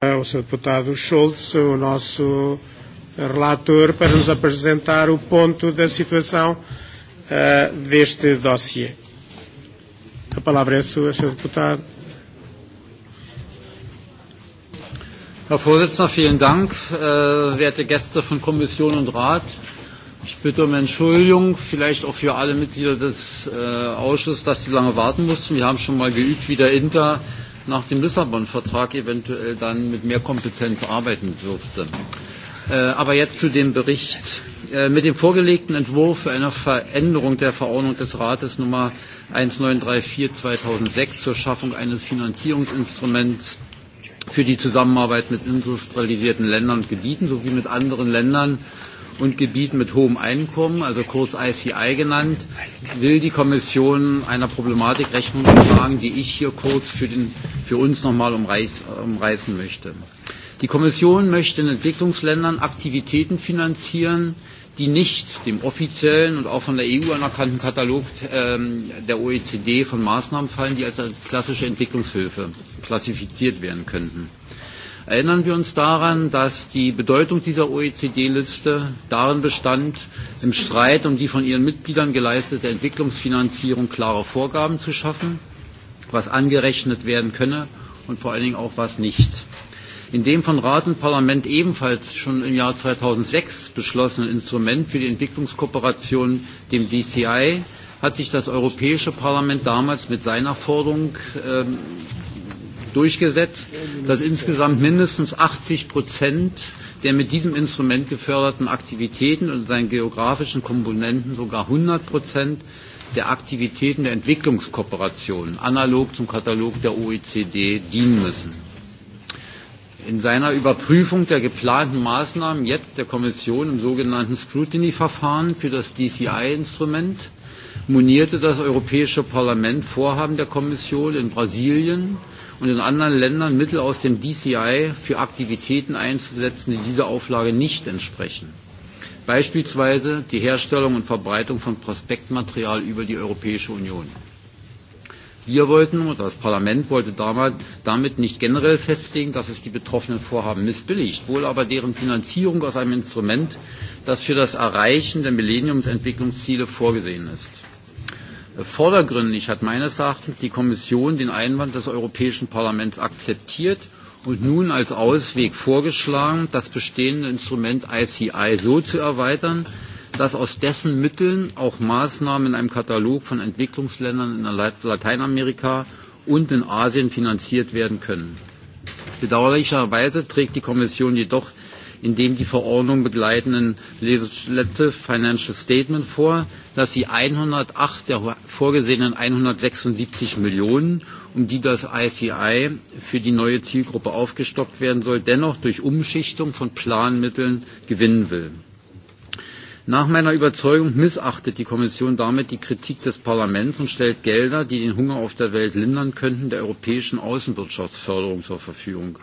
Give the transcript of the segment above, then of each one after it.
ao Sr. Deputado Schultz, o nosso relator, para nos apresentar o ponto da situação uh, deste dossiê. A palavra é sua, Sr. Deputado. Herr Vorsitzender, vielen Dank. Äh, werte Gäste von Kommission und Rat, ich bitte um Entschuldigung, vielleicht auch für alle Mitglieder des äh, Ausschusses, dass sie lange warten mussten. Wir haben schon mal geübt, wie der Inter nach dem Lissabon-Vertrag eventuell dann mit mehr Kompetenz arbeiten dürfte. Aber jetzt zu dem Bericht. Mit dem vorgelegten Entwurf für eine Veränderung der Verordnung des Rates Nummer 1934/2006 zur Schaffung eines Finanzierungsinstruments für die Zusammenarbeit mit industrialisierten Ländern und Gebieten sowie mit anderen Ländern und Gebieten mit hohem Einkommen, also kurz ICI genannt, will die Kommission einer Problematik Rechnung tragen, die ich hier kurz für, den, für uns nochmal umreißen möchte. Die Kommission möchte in Entwicklungsländern Aktivitäten finanzieren, die nicht dem offiziellen und auch von der EU anerkannten Katalog der OECD von Maßnahmen fallen, die als klassische Entwicklungshilfe klassifiziert werden könnten. Erinnern wir uns daran, dass die Bedeutung dieser OECD-Liste darin bestand, im Streit um die von ihren Mitgliedern geleistete Entwicklungsfinanzierung klare Vorgaben zu schaffen, was angerechnet werden könne und vor allen Dingen auch was nicht. In dem von Rat und Parlament ebenfalls schon im Jahr 2006 beschlossenen Instrument für die Entwicklungskooperation, dem DCI, hat sich das Europäische Parlament damals mit seiner Forderung durchgesetzt, dass insgesamt mindestens 80 Prozent der mit diesem Instrument geförderten Aktivitäten und seinen geografischen Komponenten sogar 100 Prozent der Aktivitäten der Entwicklungskooperation analog zum Katalog der OECD dienen müssen. In seiner Überprüfung der geplanten Maßnahmen jetzt der Kommission im sogenannten Scrutiny-Verfahren für das DCI-Instrument monierte das Europäische Parlament Vorhaben der Kommission in Brasilien und in anderen Ländern Mittel aus dem DCI für Aktivitäten einzusetzen, die dieser Auflage nicht entsprechen. Beispielsweise die Herstellung und Verbreitung von Prospektmaterial über die Europäische Union. Wir wollten oder das Parlament wollte damit nicht generell festlegen, dass es die betroffenen Vorhaben missbilligt, wohl aber deren Finanzierung aus einem Instrument, das für das Erreichen der Millenniumsentwicklungsziele vorgesehen ist. Vordergründig hat meines Erachtens die Kommission den Einwand des Europäischen Parlaments akzeptiert und nun als Ausweg vorgeschlagen, das bestehende Instrument ICI so zu erweitern, dass aus dessen Mitteln auch Maßnahmen in einem Katalog von Entwicklungsländern in Lateinamerika und in Asien finanziert werden können. Bedauerlicherweise trägt die Kommission jedoch in dem die Verordnung begleitenden Legislative Financial Statement vor, dass die 108 der vorgesehenen 176 Millionen, um die das ICI für die neue Zielgruppe aufgestockt werden soll, dennoch durch Umschichtung von Planmitteln gewinnen will. Nach meiner Überzeugung missachtet die Kommission damit die Kritik des Parlaments und stellt Gelder, die den Hunger auf der Welt lindern könnten, der europäischen Außenwirtschaftsförderung zur Verfügung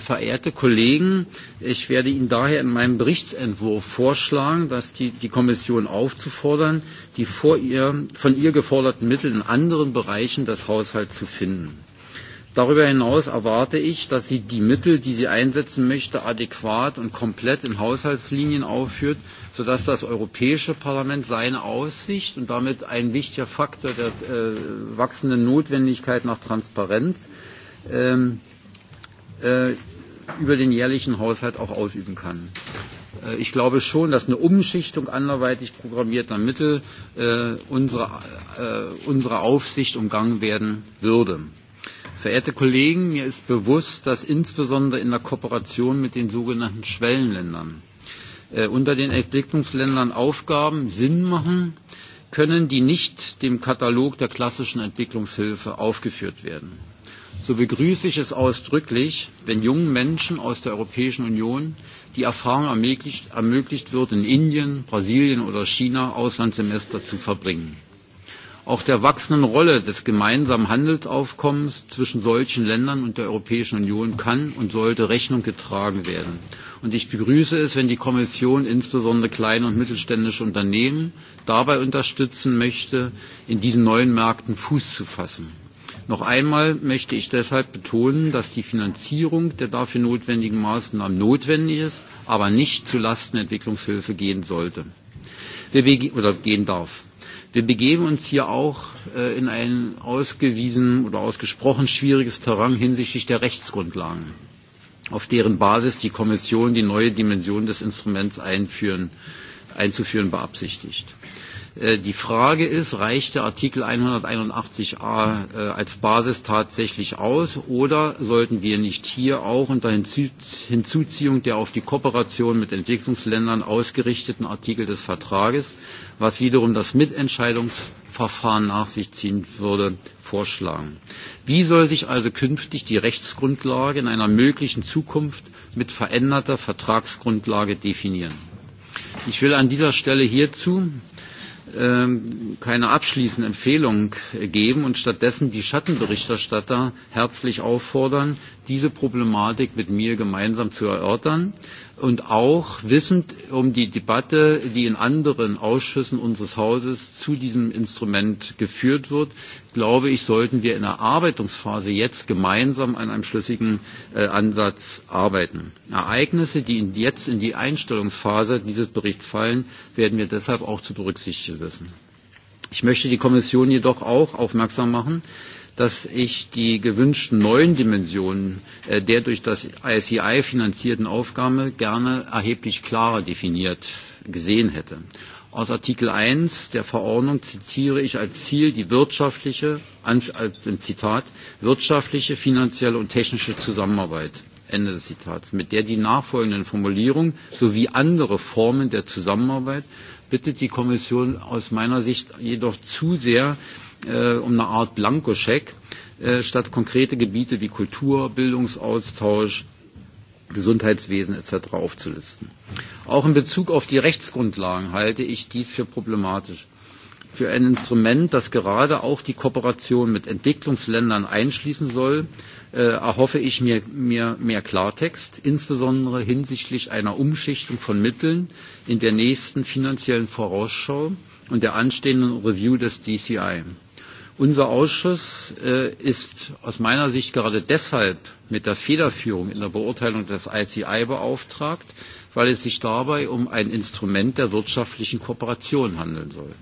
verehrte Kollegen, ich werde Ihnen daher in meinem Berichtsentwurf vorschlagen, die, Kommission aufzufordern, die von ihr geforderten Mittel in anderen Bereichen des Haushalts zu finden. Darüber hinaus erwarte ich, dass sie die Mittel, die sie einsetzen möchte, adäquat und komplett in Haushaltslinien aufführt, sodass das Europäische Parlament seine Aussicht und damit ein wichtiger Faktor der wachsenden Notwendigkeit nach Transparenz über den jährlichen Haushalt auch ausüben kann. Ich glaube schon, dass eine Umschichtung anderweitig programmierter Mittel unserer Aufsicht umgangen werden würde. Verehrte Kollegen, mir ist bewusst, dass insbesondere in der Kooperation mit den sogenannten Schwellenländern unter den Entwicklungsländern Aufgaben Sinn machen können, die nicht dem Katalog der klassischen Entwicklungshilfe aufgeführt werden so begrüße ich es ausdrücklich, wenn jungen Menschen aus der Europäischen Union die Erfahrung ermöglicht, wird, in Indien, Brasilien oder China Auslandssemester zu verbringen. Auch der wachsenden Rolle des gemeinsamen Handelsaufkommens zwischen solchen Ländern und der Europäischen Union kann und sollte Rechnung getragen werden. Und ich begrüße es, wenn die Kommission insbesondere kleine und mittelständische Unternehmen dabei unterstützen möchte, in diesen neuen Märkten Fuß zu fassen. Noch einmal möchte ich deshalb betonen, dass die Finanzierung der dafür notwendigen Maßnahmen notwendig ist, aber nicht zulasten Entwicklungshilfe gehen sollte oder gehen darf. Wir begeben uns hier auch in ein ausgewiesen oder ausgesprochen schwieriges Terrain hinsichtlich der Rechtsgrundlagen, auf deren Basis die Kommission die neue Dimension des Instruments einzuführen beabsichtigt. Die Frage ist, reicht der Artikel 181a als Basis tatsächlich aus oder sollten wir nicht hier auch unter Hinzuziehung der auf die Kooperation mit Entwicklungsländern ausgerichteten Artikel des Vertrages, was wiederum das Mitentscheidungsverfahren nach sich ziehen würde, vorschlagen? Wie soll sich also künftig die Rechtsgrundlage in einer möglichen Zukunft mit veränderter Vertragsgrundlage definieren? Ich will an dieser Stelle hierzu keine abschließende Empfehlung geben und stattdessen die Schattenberichterstatter herzlich auffordern, diese Problematik mit mir gemeinsam zu erörtern und auch wissend um die Debatte, die in anderen Ausschüssen unseres Hauses zu diesem Instrument geführt wird, glaube ich, sollten wir in der Erarbeitungsphase jetzt gemeinsam an einem schlüssigen Ansatz arbeiten. Ereignisse, die jetzt in die Einstellungsphase dieses Berichts fallen, werden wir deshalb auch zu berücksichtigen wissen. Ich möchte die Kommission jedoch auch aufmerksam machen, dass ich die gewünschten neuen Dimensionen der durch das ISEI finanzierten Aufgabe gerne erheblich klarer definiert gesehen hätte. Aus Artikel 1 der Verordnung zitiere ich als Ziel die wirtschaftliche, Zitat, wirtschaftliche, finanzielle und technische Zusammenarbeit. Ende des Zitats, mit der die nachfolgenden Formulierungen sowie andere Formen der Zusammenarbeit bittet die Kommission aus meiner Sicht jedoch zu sehr um eine Art Blankoscheck statt konkrete Gebiete wie Kultur, Bildungsaustausch, Gesundheitswesen etc. aufzulisten. Auch in Bezug auf die Rechtsgrundlagen halte ich dies für problematisch. Für ein Instrument, das gerade auch die Kooperation mit Entwicklungsländern einschließen soll, erhoffe ich mir, mehr Klartext, insbesondere hinsichtlich einer Umschichtung von Mitteln in der nächsten finanziellen Vorausschau und der anstehenden Review des DCI. Unser Ausschuss ist aus meiner Sicht gerade deshalb mit der Federführung in der Beurteilung des ICI beauftragt, weil es sich dabei um ein Instrument der wirtschaftlichen Kooperation handeln soll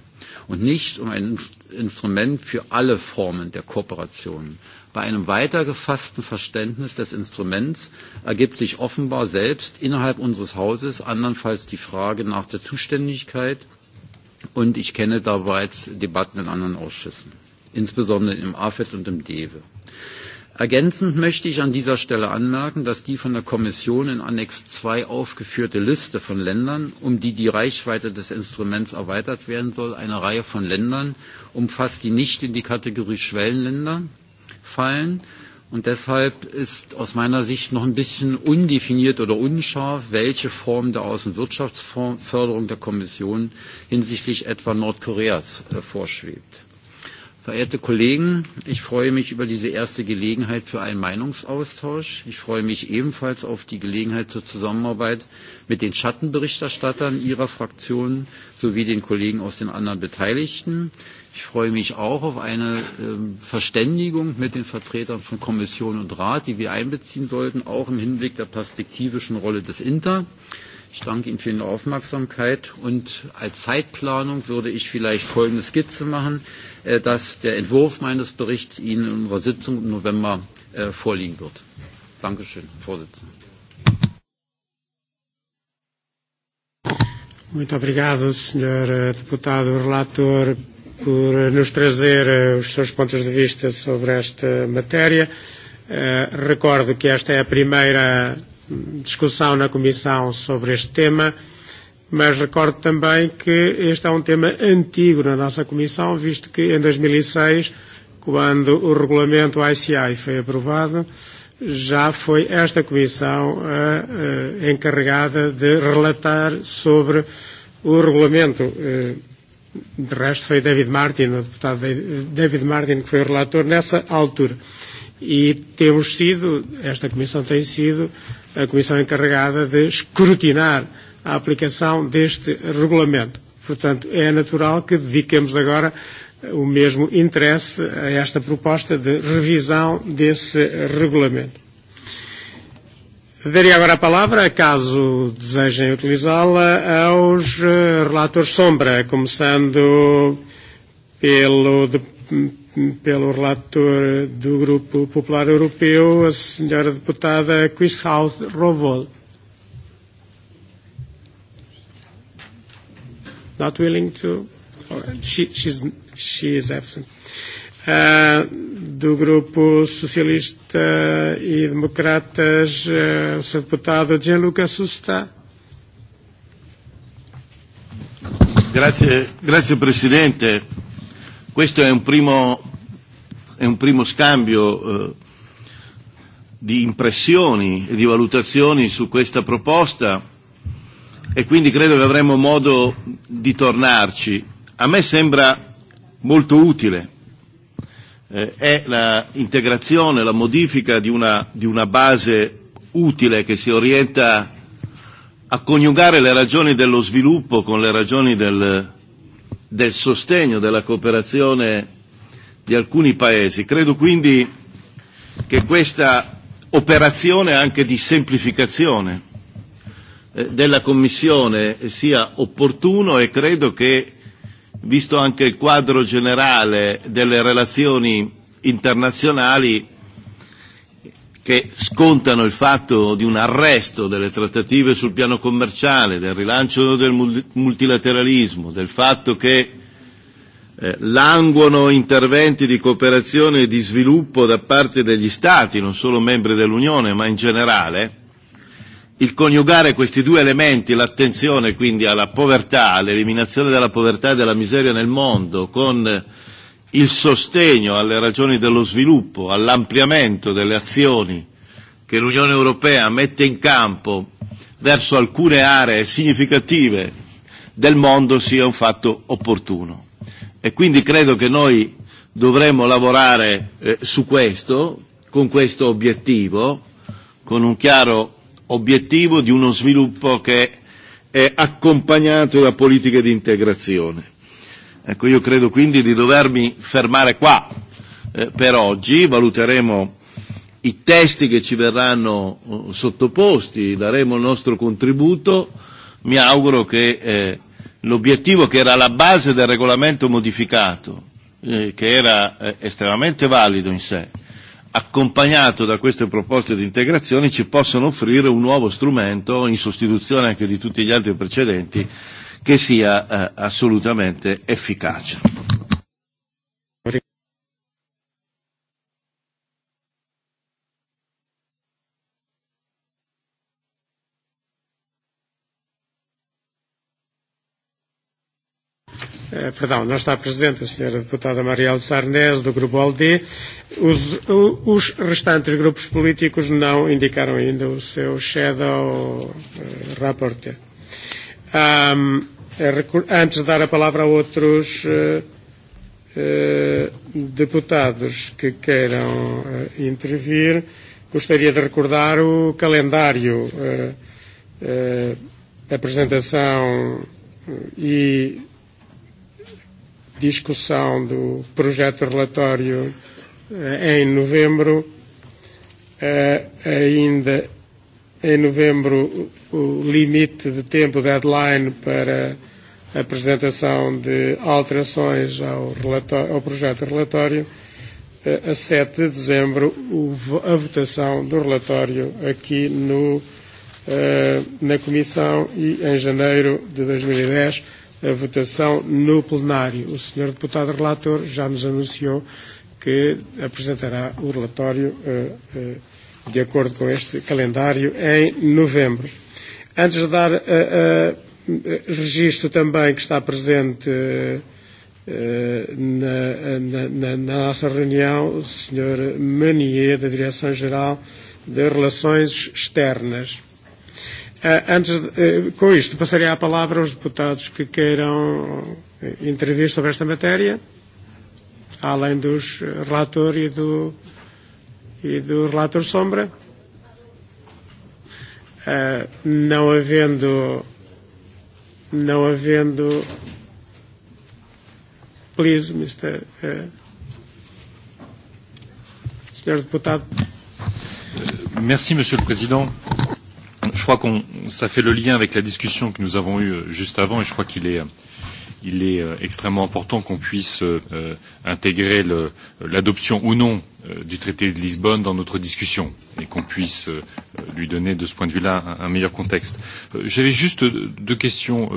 und nicht um ein Instrument für alle Formen der Kooperation. Bei einem weiter gefassten Verständnis des Instruments ergibt sich offenbar selbst innerhalb unseres Hauses andernfalls die Frage nach der Zuständigkeit, und ich kenne da bereits Debatten in anderen Ausschüssen insbesondere im AFET und im DEWE. Ergänzend möchte ich an dieser Stelle anmerken, dass die von der Kommission in Annex II aufgeführte Liste von Ländern, um die die Reichweite des Instruments erweitert werden soll, eine Reihe von Ländern umfasst, die nicht in die Kategorie Schwellenländer fallen. Und deshalb ist aus meiner Sicht noch ein bisschen undefiniert oder unscharf, welche Form der Außenwirtschaftsförderung der Kommission hinsichtlich etwa Nordkoreas vorschwebt. Verehrte Kollegen, ich freue mich über diese erste Gelegenheit für einen Meinungsaustausch. Ich freue mich ebenfalls auf die Gelegenheit zur Zusammenarbeit mit den Schattenberichterstattern Ihrer Fraktion sowie den Kollegen aus den anderen Beteiligten. Ich freue mich auch auf eine Verständigung mit den Vertretern von Kommission und Rat, die wir einbeziehen sollten, auch im Hinblick der perspektivischen Rolle des Inter. Ich danke Ihnen für Ihre Aufmerksamkeit und als Zeitplanung würde ich vielleicht folgende Skizze machen, dass der Entwurf meines Berichts Ihnen in unserer Sitzung im November vorliegen wird. Dankeschön, Vorsitzender. Muito obrigado, Sr. Deputado Relator, por nos trazer os seus pontos de vista sobre esta matéria. Recordo que esta é a primeira discussão na Comissão sobre este tema, mas recordo também que este é um tema antigo na nossa Comissão, visto que em 2006, quando o regulamento ICI foi aprovado, já foi esta Comissão a, encarregada de relatar sobre o regulamento. De resto, foi David Martin, o deputado David Martin, que foi o relator nessa altura. E temos sido, esta Comissão tem sido, a Comissão encarregada de escrutinar a aplicação deste regulamento. Portanto, é natural que dediquemos agora o mesmo interesse a esta proposta de revisão desse regulamento. Daria agora a palavra, caso desejem utilizá-la, aos relatores sombra, começando pelo pelo relator do Grupo Popular Europeu, a senhora deputada Quisthaus Rovol. Not willing to? She, she's, she is absent. Uh, do Grupo Socialista e Democratas, uh, o senhor deputado Gianluca Susta. Grazie, grazie Presidente. Questo è un primo, è un primo scambio eh, di impressioni e di valutazioni su questa proposta e quindi credo che avremo modo di tornarci. A me sembra molto utile eh, è l'integrazione, la modifica di una, di una base utile che si orienta a coniugare le ragioni dello sviluppo con le ragioni del, del sostegno della cooperazione di alcuni paesi. Credo quindi che questa operazione anche di semplificazione della Commissione sia opportuno e credo che, visto anche il quadro generale delle relazioni internazionali, che scontano il fatto di un arresto delle trattative sul piano commerciale, del rilancio del multilateralismo, del fatto che eh, languono interventi di cooperazione e di sviluppo da parte degli Stati, non solo membri dell'Unione, ma in generale, il coniugare questi due elementi, l'attenzione quindi alla povertà, all'eliminazione della povertà e della miseria nel mondo, con eh, il sostegno alle ragioni dello sviluppo, all'ampliamento delle azioni che l'Unione Europea mette in campo verso alcune aree significative del mondo sia un fatto opportuno. E quindi credo che noi dovremmo lavorare eh, su questo, con questo obiettivo, con un chiaro obiettivo di uno sviluppo che è accompagnato da politiche di integrazione. Ecco, io credo quindi di dovermi fermare qua eh, per oggi, valuteremo i testi che ci verranno eh, sottoposti, daremo il nostro contributo, mi auguro che eh, l'obiettivo che era la base del regolamento modificato, eh, che era eh, estremamente valido in sé, accompagnato da queste proposte di integrazione, ci possono offrire un nuovo strumento in sostituzione anche di tutti gli altri precedenti che sia eh, assolutamente efficace. perdão, não está presente a senhora deputada Mariel Sarnez, do Grupo Aldi. Os, os restantes grupos políticos não indicaram ainda o seu shadow uh, rapporteur. Um, Antes de dar a palavra a outros deputados que queiram intervir, gostaria de recordar o calendário, da apresentação e discussão do projeto relatório em novembro. Ainda em novembro o limite de tempo, deadline, para a apresentação de alterações ao, relatório, ao projeto de relatório a 7 de dezembro a votação do relatório aqui no, na Comissão e em janeiro de 2010 a votação no plenário. O Sr. Deputado Relator já nos anunciou que apresentará o relatório de acordo com este calendário em novembro. Antes de dar uh, uh, registro também que está presente na, na, na nossa reunião o Sr. Manier, da Direção-Geral de Relações Externas. Antes de, com isto, passarei a palavra aos deputados que queiram intervir sobre esta matéria, além dos relator e do, e do relator Sombra não havendo não havendo please Mr. Uh, Senhor deputado Merci Monsieur le Président je crois que ça fait le lien avec la discussion que nous avons eue juste avant et je crois qu'il est euh, il est extrêmement important qu'on puisse intégrer l'adoption ou non du traité de Lisbonne dans notre discussion et qu'on puisse lui donner de ce point de vue-là un, meilleur contexte. J'avais juste deux questions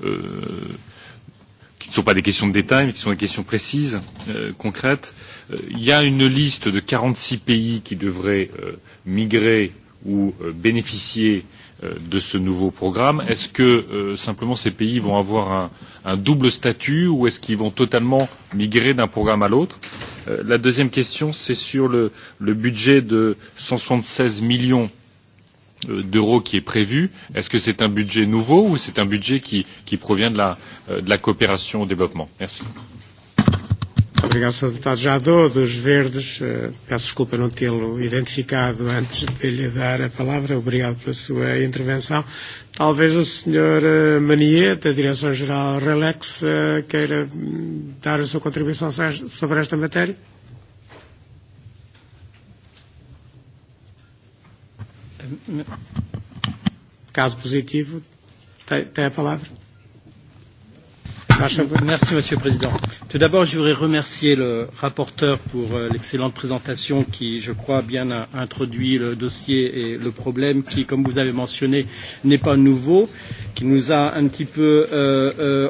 qui ne sont pas des questions de détail, mais qui sont des questions précises, euh, concrètes. Euh, il y a une liste de 46 pays qui devraient euh, migrer ou euh, bénéficier de ce nouveau programme Est-ce que simplement ces pays vont avoir un, double statut ou est-ce qu'ils vont totalement migrer d'un programme à l'autre La deuxième question, c'est sur le, budget de cent soixante seize millions d'euros qui est prévu. Est-ce que c'est un budget nouveau ou c'est un budget qui, provient de la, coopération au développement Merci. Obrigado, Sr. Deputado Jadot, dos Verdes. Peço desculpa não tê-lo identificado antes de lhe dar a palavra. Obrigado pela sua intervenção. Talvez o Sr. Manier, da Direção-Geral Relex, queira dar a sua contribuição sobre esta matéria. Caso positivo, tem a palavra. Monsieur le Président. Tout d'abord, je voudrais remercier le rapporteur pour l'excellente présentation qui, je crois, bien a introduit le dossier et le problème qui, comme vous avez mentionné, n'est pas nouveau, qui nous a un petit peu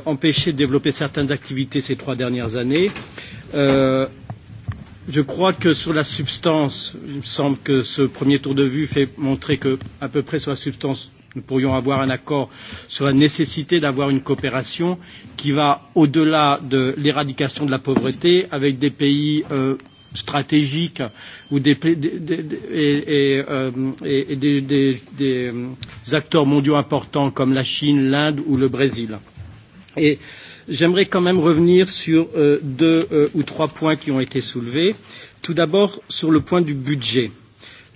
empêché de développer certaines activités ces trois dernières années. Je crois que sur la substance, il me semble que ce premier tour de vue fait montrer que, à peu près sur la substance, nous pourrions avoir un accord sur la nécessité d'avoir une coopération qui va au-delà de l'éradication de la pauvreté avec des pays stratégiques ou des, et, et, des, des, des acteurs mondiaux importants comme la Chine, l'Inde ou le Brésil. Et j'aimerais quand même revenir sur euh, deux euh, ou trois points qui ont été soulevés. Tout d'abord, sur le point du budget.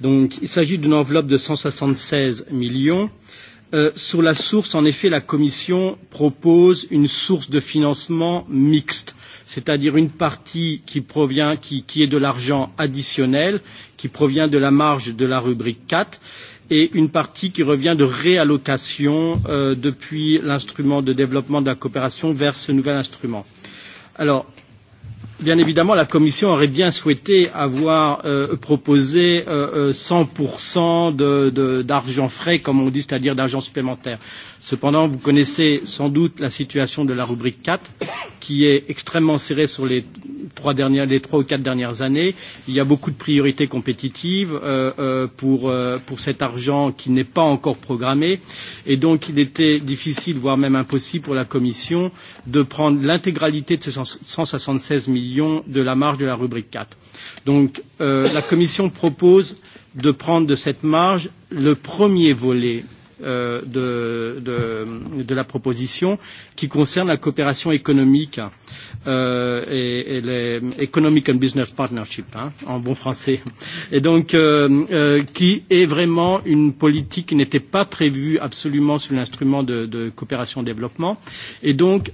Donc, il s'agit d'une enveloppe de 176 millions. Euh, sur la source, en effet, la Commission propose une source de financement mixte, c'est-à-dire une partie qui provient, qui, qui est de l'argent additionnel, qui provient de la marge de la rubrique 4, et une partie qui revient de réallocation euh, depuis l'instrument de développement de la coopération vers ce nouvel instrument. Alors, Bien évidemment, la Commission aurait bien souhaité avoir euh, proposé euh, 100% d'argent de, de, frais, comme on dit, c'est-à-dire d'argent supplémentaire. Cependant, vous connaissez sans doute la situation de la rubrique 4, qui est extrêmement serrée sur les trois, dernières, les trois ou quatre dernières années. Il y a beaucoup de priorités compétitives euh, euh, pour, euh, pour cet argent qui n'est pas encore programmé. Et donc, il était difficile, voire même impossible pour la Commission de prendre l'intégralité de ces 176 millions de la marge de la rubrique 4. Donc, euh, la Commission propose de prendre de cette marge le premier volet euh, de, de, de la proposition qui concerne la coopération économique euh, et, et les Economic and Business Partnership hein, en bon français et donc euh, euh, qui est vraiment une politique qui n'était pas prévue absolument sur l'instrument de, de coopération développement et donc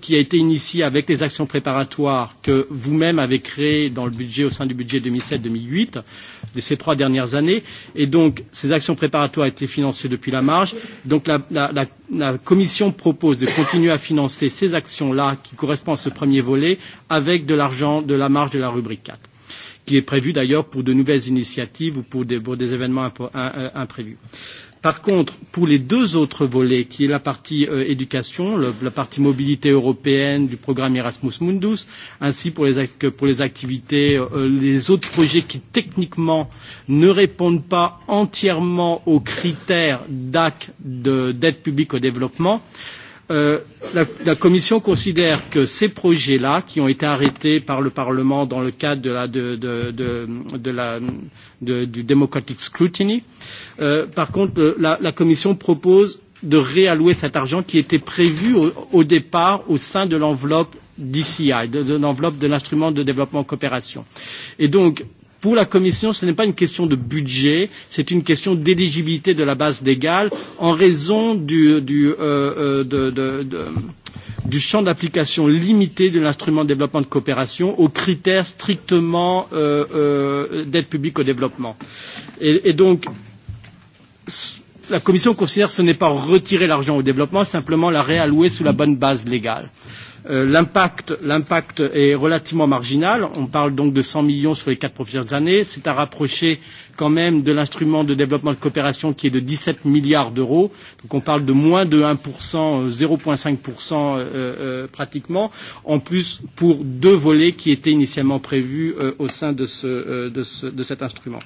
qui a été initié avec les actions préparatoires que vous-même avez créées dans le budget au sein du budget 2007-2008 de ces trois dernières années. Et donc, ces actions préparatoires étaient financées depuis la marge. Donc, la, la, la, la Commission propose de continuer à financer ces actions-là, qui correspondent à ce premier volet, avec de l'argent de la marge de la rubrique 4 qui est prévu d'ailleurs pour de nouvelles initiatives ou pour des, pour des événements imprévus. Euh, Par contre, pour les deux autres volets, qui est la partie euh, éducation, le, la partie mobilité européenne du programme Erasmus Mundus, ainsi pour les, que pour les activités, euh, les autres projets qui techniquement ne répondent pas entièrement aux critères d'AC d'aide publique au développement, la, la Commission considère que ces projets-là, qui ont été arrêtés par le Parlement dans le cadre de la, de, de, de, de la, de, du Democratic Scrutiny, euh, par contre, la, Commission propose de réallouer cet argent qui était prévu au, départ au sein de l'enveloppe DCI, de, l'enveloppe de l'instrument de développement coopération. Et donc, pour la Commission, ce n'est pas une question de budget, c'est une question d'éligibilité de la base légale en raison du, du, euh, de, de, de, du champ d'application limité de l'instrument de développement de coopération aux critères strictement euh, euh, d'aide publique au développement. Et, et donc, la Commission considère que ce n'est pas retirer l'argent au développement, simplement la réallouer sous la bonne base légale. L'impact est relativement marginal. On parle donc de 100 millions sur les quatre prochaines années. C'est à rapprocher quand même de l'instrument de développement de coopération qui est de 17 milliards d'euros. Donc on parle de moins de 1%, 0,5% euh, pratiquement, en plus pour deux volets qui étaient initialement prévus euh, au sein de, ce, euh, de, ce, de cet instrument.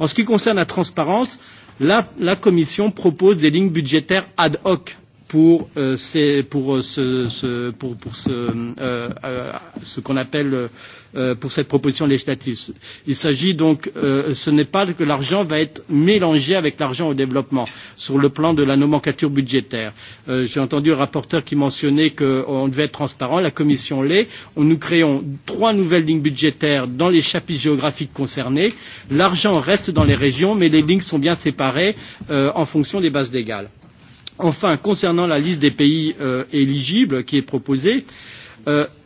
En ce qui concerne la transparence, euh, La, la Commission propose des lignes budgétaires ad hoc pour, euh, ces, pour, ce, ce, pour, pour ce, euh, euh, ce qu'on appelle euh, pour cette proposition législative. Il s'agit donc, ce n'est pas que l'argent va être mélangé avec l'argent au développement sur le plan de la nomenclature budgétaire. J'ai entendu le rapporteur qui mentionnait qu'on devait être transparent, la commission l'est. Nous créons trois nouvelles lignes budgétaires dans les chapitres géographiques concernés. L'argent reste dans les régions, mais les lignes sont bien séparées en fonction des bases légales. Enfin, concernant la liste des pays éligibles qui est proposée,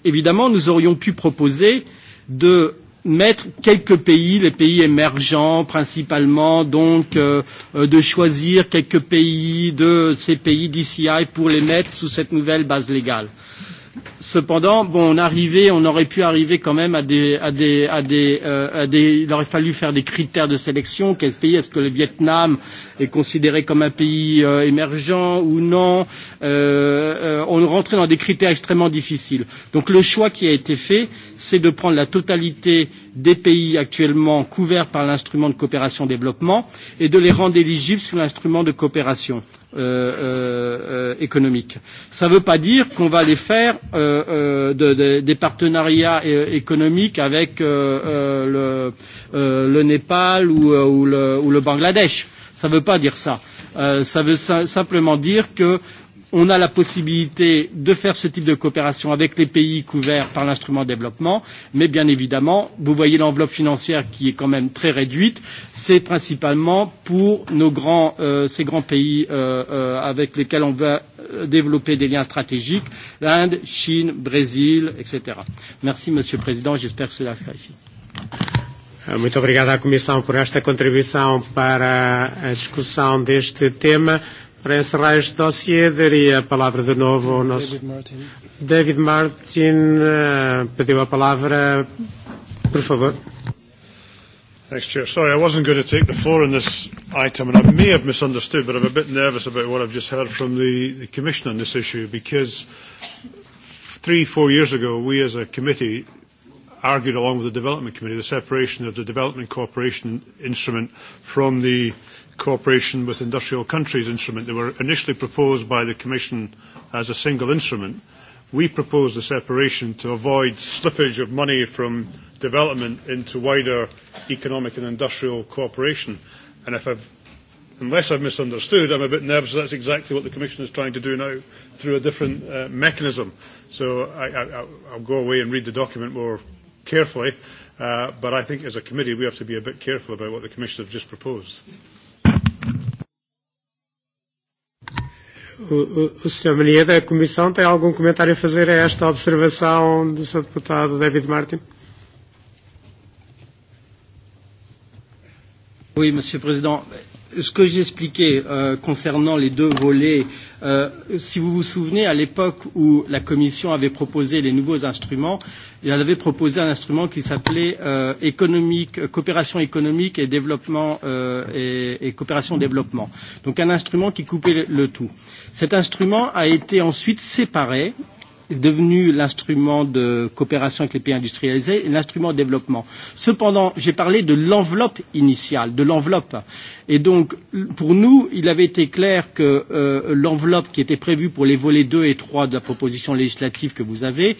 évidemment, nous aurions pu proposer euh, de mettre quelques pays, les pays émergents principalement, donc euh, de choisir quelques pays de ces pays d'ICI pour les mettre sous cette nouvelle base légale. Cependant, bon, on arrivait, on aurait pu arriver quand même à des, à des, à des, euh, à des, il aurait fallu faire des critères de sélection. Quel pays est-ce que le Vietnam est considéré comme un pays euh, émergent ou non. Euh, euh, on rentrait dans des critères extrêmement difficiles. Donc le choix qui a été fait, c'est de prendre la totalité des pays actuellement couverts par l'instrument de coopération développement et de les rendre éligibles sous l'instrument de coopération euh, euh, économique. Ça ne veut pas dire qu'on va les faire euh, euh, de, de, des partenariats euh, économiques avec euh, euh, le, euh, le Népal ou, euh, ou, le, ou le Bangladesh. Ça ne veut pas dire ça. Euh, ça veut simplement dire que on a la possibilité de faire ce type de coopération avec les pays couverts par l'instrument de développement, mais bien évidemment, vous voyez l'enveloppe financière qui est quand même très réduite, c'est principalement pour nos grands, euh, ces grands pays euh, euh, avec lesquels on va développer des liens stratégiques, l'Inde, Chine, Brésil, etc. Merci Monsieur le Président, j'espère que cela se clarifie. Muito obrigado à Comissão por esta contribuição para a discussão deste tema. Para encerrar este dossiê, daria a palavra de novo ao nosso. David Martin. David Martin uh, pediu a palavra, por favor. Thanks, Chair. Sorry, I wasn't going to take the floor on this item, and I may have misunderstood, but I'm a bit nervous about what I've just heard from the, the Commission on this issue, because three, four years ago, we as a committee argued along with the Development Committee the separation of the Development Cooperation Instrument from the cooperation with industrial countries instrument that were initially proposed by the Commission as a single instrument. We proposed the separation to avoid slippage of money from development into wider economic and industrial cooperation. And if I've, unless I've misunderstood, I'm a bit nervous that's exactly what the Commission is trying to do now through a different uh, mechanism. So I, I, I'll go away and read the document more carefully. Uh, but I think as a committee we have to be a bit careful about what the Commission have just proposed. o, o Sr. Mania da Comissão tem algum comentário a fazer a esta observação do Sr. Deputado David Martin? Oui, Monsieur le Président ce que j'expliquais euh, concernant les deux volets, euh, si vous vous souvenez, à l'époque où la Commission avait proposé les nouveaux instruments, elle avait proposé un instrument qui s'appelait euh, économique, coopération économique et développement euh, et, et coopération développement. Donc un instrument qui coupait le, le tout. Cet instrument a été ensuite séparé devenu l'instrument de coopération avec les pays industrialisés et l'instrument de développement. Cependant, j'ai parlé de l'enveloppe initiale, de l'enveloppe. Et donc, pour nous, il avait été clair que euh, l'enveloppe qui était prévue pour les volets 2 et 3 de la proposition législative que vous avez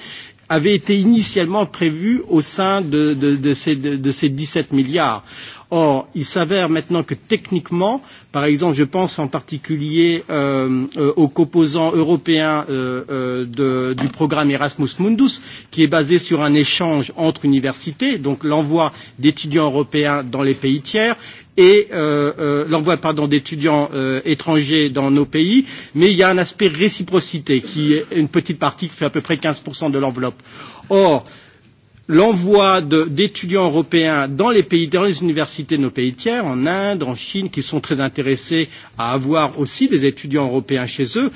avait été initialement prévu au sein de, de, de, ces, de, de ces 17 milliards. Or, il s'avère maintenant que techniquement, par exemple, je pense en particulier euh, euh, aux composants européens euh, euh, de, du programme Erasmus Mundus, qui est basé sur un échange entre universités, donc l'envoi d'étudiants européens dans les pays tiers, et euh, euh, l'envoi pardon d'étudiants euh, étrangers dans nos pays, mais il y a un aspect réciprocité qui est une petite partie qui fait à peu près 15% de l'enveloppe. Or, l'envoi d'étudiants européens dans les pays, dans les universités de nos pays tiers, en Inde, en Chine, qui sont très intéressés à avoir aussi des étudiants européens chez eux,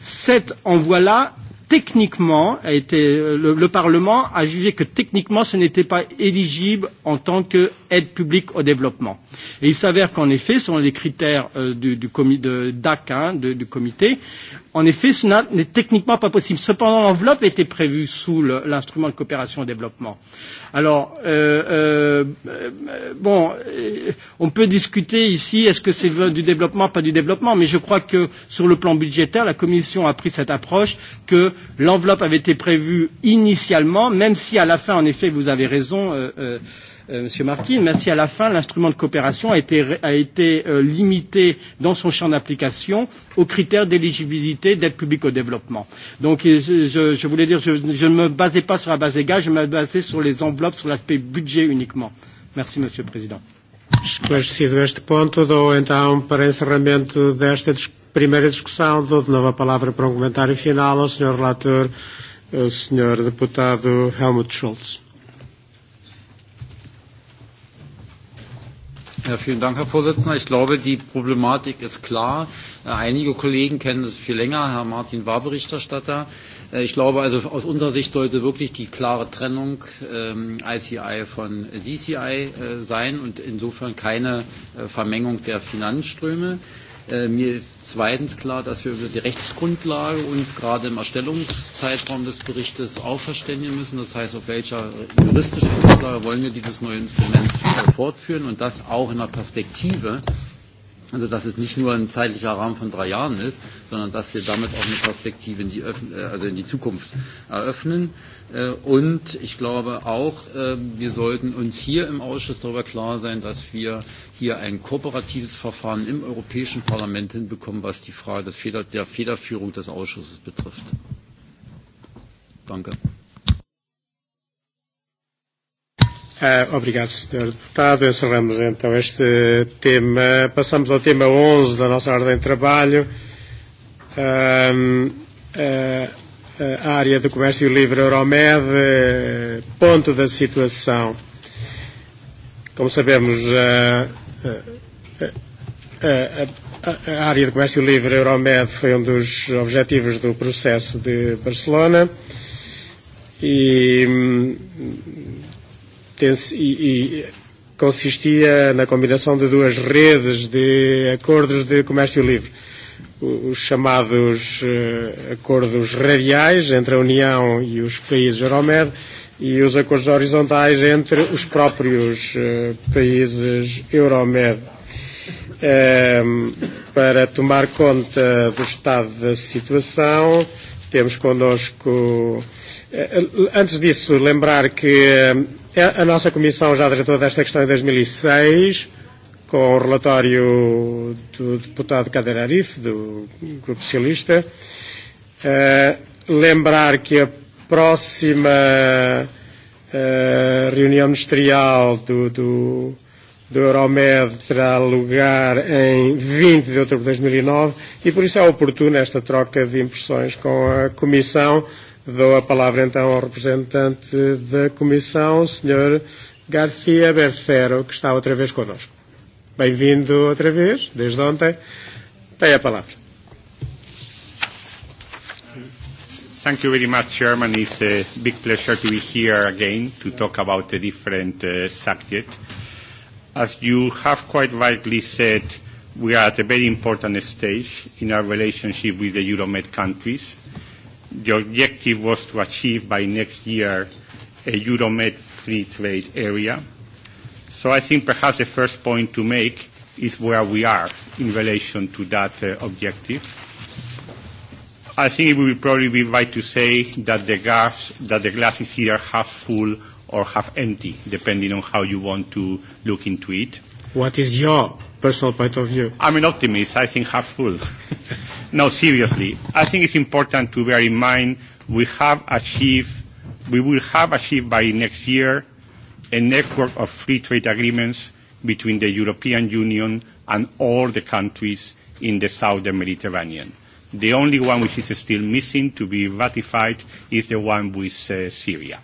cet envoi-là techniquement a été le, le Parlement a jugé que techniquement ce n'était pas éligible en tant que aide publique au développement. Et il s'avère qu'en effet, selon les critères euh, du, du comi, de, DAC, hein, de, du comité, en effet, cela n'est techniquement pas possible. Cependant, l'enveloppe était prévue sous l'instrument de coopération au développement. Alors, euh, euh, bon, euh, on peut discuter ici, est-ce que c'est du développement, pas du développement, mais je crois que sur le plan budgétaire, la Commission a pris cette approche que l'enveloppe avait été prévue initialement, même si à la fin, en effet, vous avez raison, euh, euh, Monsieur Martin, mais si à la fin l'instrument de coopération a été, a été euh, limité dans son champ d'application aux critères d'éligibilité d'aide publique au développement. Donc je, je voulais dire, je, ne me basais pas sur la base égale, je me basais sur les enveloppes, sur l'aspect budget uniquement. Merci Monsieur le Président. Esclarecido este ponto, dou então para encerramento desta primeira discussão, dou de novo a palavra para um comentário final ao Sr. Relator, o Sr. Deputado Helmut Schultz. Vielen Dank, Herr Vorsitzender. Ich glaube, die Problematik ist klar. Einige Kollegen kennen es viel länger. Herr Martin war Berichterstatter. Ich glaube also, aus unserer Sicht sollte wirklich die klare Trennung ICI von DCI sein und insofern keine Vermengung der Finanzströme. Mir ist zweitens klar, dass wir über die Rechtsgrundlage uns gerade im Erstellungszeitraum des Berichtes auch verständigen müssen. Das heißt, auf welcher juristischen Grundlage wollen wir dieses neue Instrument fortführen und das auch in der Perspektive, also dass es nicht nur ein zeitlicher Rahmen von drei Jahren ist, sondern dass wir damit auch eine Perspektive in die, also in die Zukunft eröffnen. Und ich glaube auch, wir sollten uns hier im Ausschuss darüber klar sein, dass wir hier ein kooperatives Verfahren im Europäischen Parlament hinbekommen, was die Frage der Federführung des Ausschusses betrifft. Danke. Obrigado, Sr. Deputado. Encerramos então este tema. Passamos ao tema 11 da nossa ordem de trabalho. Um, uh, área do comércio livre Euromed, ponto da situação. Como sabemos, a, a, a, a área do comércio livre Euromed foi um dos objetivos do processo de Barcelona e, e consistia na combinação de duas redes de acordos de comércio livre os chamados uh, acordos radiais entre a União e os países Euromed e os acordos horizontais entre os próprios uh, países Euromed. Eh, para tomar conta do estado da situação, temos connosco. Uh, antes disso, lembrar que uh, a nossa Comissão já tratou desta questão em 2006 com o relatório do deputado Cadeira Arif, do Grupo Socialista. Uh, lembrar que a próxima uh, reunião ministerial do, do, do Euromed terá lugar em 20 de outubro de 2009 e por isso é oportuna esta troca de impressões com a Comissão. Dou a palavra então ao representante da Comissão, Sr. Garcia Bercero, que está outra vez connosco. Bem-vindo outra vez, desde ontem. Tem a palavra. Thank you very much, Chairman. It's a big pleasure to be here again to talk about a different uh, subject. As you have quite rightly said, we are at a very important stage in our relationship with the Euromed countries. The objective was to achieve by next year a Euromed free trade area So I think perhaps the first point to make is where we are in relation to that uh, objective. I think it would probably be right to say that the, gas, that the glass is either half full or half empty, depending on how you want to look into it. What is your personal point of view? I'm an optimist. I think half full. no, seriously. I think it's important to bear in mind we have achieved, we will have achieved by next year a network of free trade agreements between the European Union and all the countries in the southern Mediterranean. The only one which is still missing to be ratified is the one with uh, Syria.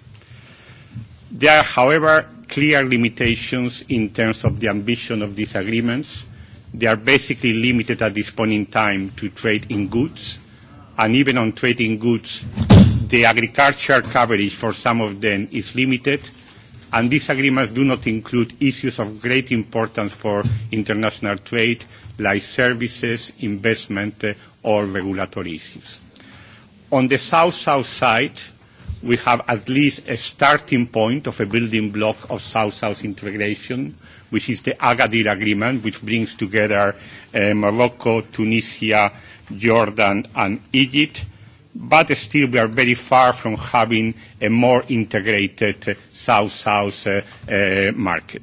There are, however, clear limitations in terms of the ambition of these agreements. They are basically limited at this point in time to trade in goods, and even on trade in goods, the agricultural coverage for some of them is limited, and these agreements do not include issues of great importance for international trade, like services, investment, or regulatory issues. On the South-South side, we have at least a starting point of a building block of South-South integration, which is the Agadir Agreement, which brings together Morocco, Tunisia, Jordan, and Egypt but still we are very far from having a more integrated South-South market.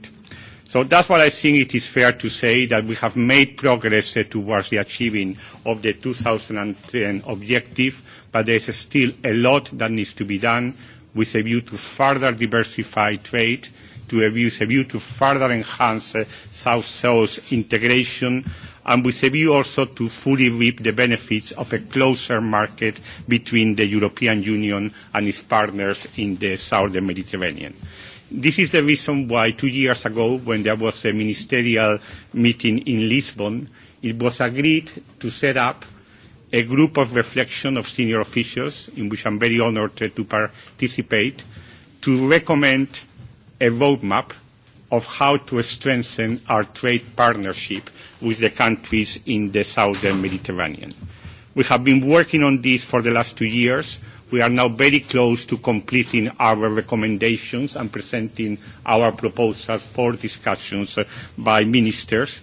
So that's why I think it is fair to say, that we have made progress towards the achieving of the 2010 objective, but there is still a lot that needs to be done with a view to further diversify trade, to a view to further enhance South-South integration, and with a view also to fully reap the benefits of a closer market between the European Union and its partners in the southern Mediterranean. This is the reason why two years ago, when there was a ministerial meeting in Lisbon, it was agreed to set up a group of reflection of senior officials, in which I'm very honored to participate, to recommend a roadmap of how to strengthen our trade partnership with the countries in the southern Mediterranean. We have been working on this for the last two years. We are now very close to completing our recommendations and presenting our proposals for discussions by ministers.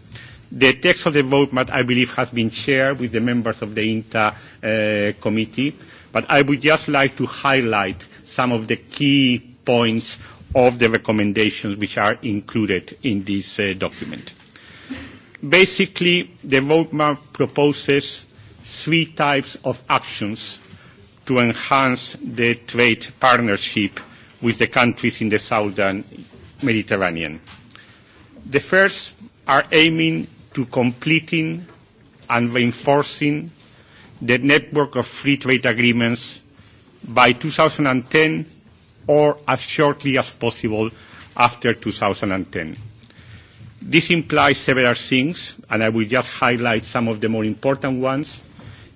The text of the roadmap, I believe, has been shared with the members of the INTA committee, but I would just like to highlight some of the key points of the recommendations which are included in this document. Basically, the roadmap proposes three types of actions to enhance the trade partnership with the countries in the southern Mediterranean. The first are aiming to completing and reinforcing the network of free trade agreements by 2010 or as shortly as possible after 2010. This implies several things, and I will just highlight some of the more important ones.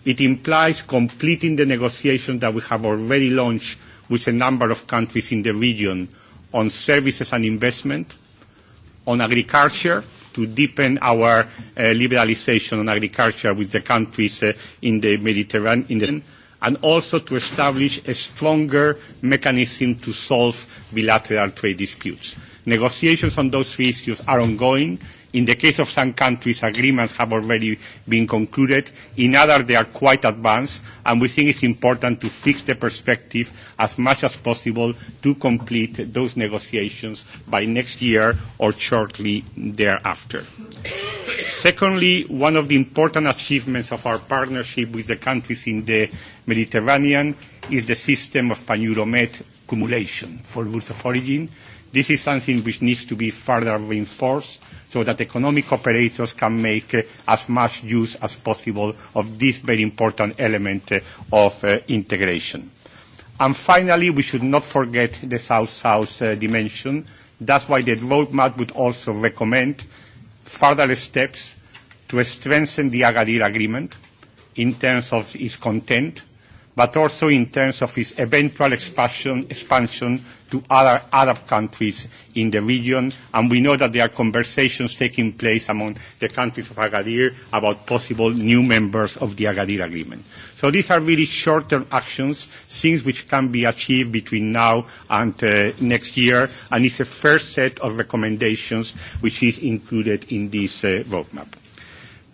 It implies completing the negotiations that we have already launched with a number of countries in the region on services and investment, on agriculture, to deepen our liberalisation on agriculture with the countries in the Mediterranean, and also to establish a stronger mechanism to solve bilateral trade disputes. Negotiations on those three issues are ongoing. In the case of some countries, agreements have already been concluded. In others, they are quite advanced, and we think it's important to fix the perspective as much as possible to complete those negotiations by next year or shortly thereafter. Secondly, one of the important achievements of our partnership with the countries in the Mediterranean is the system of pan-Euromed cumulation for routes of origin This is something which needs to be further reinforced so that economic operators can make as much use as possible of this very important element of integration. And finally, we should not forget the South-South dimension. That's why the roadmap would also recommend further steps to strengthen the Agadir Agreement in terms of its content, but also in terms of its eventual expansion to other Arab countries in the region. And we know that there are conversations taking place among the countries of Agadir about possible new members of the Agadir Agreement. So these are really short-term actions, things which can be achieved between now and next year, and it's a first set of recommendations which is included in this roadmap.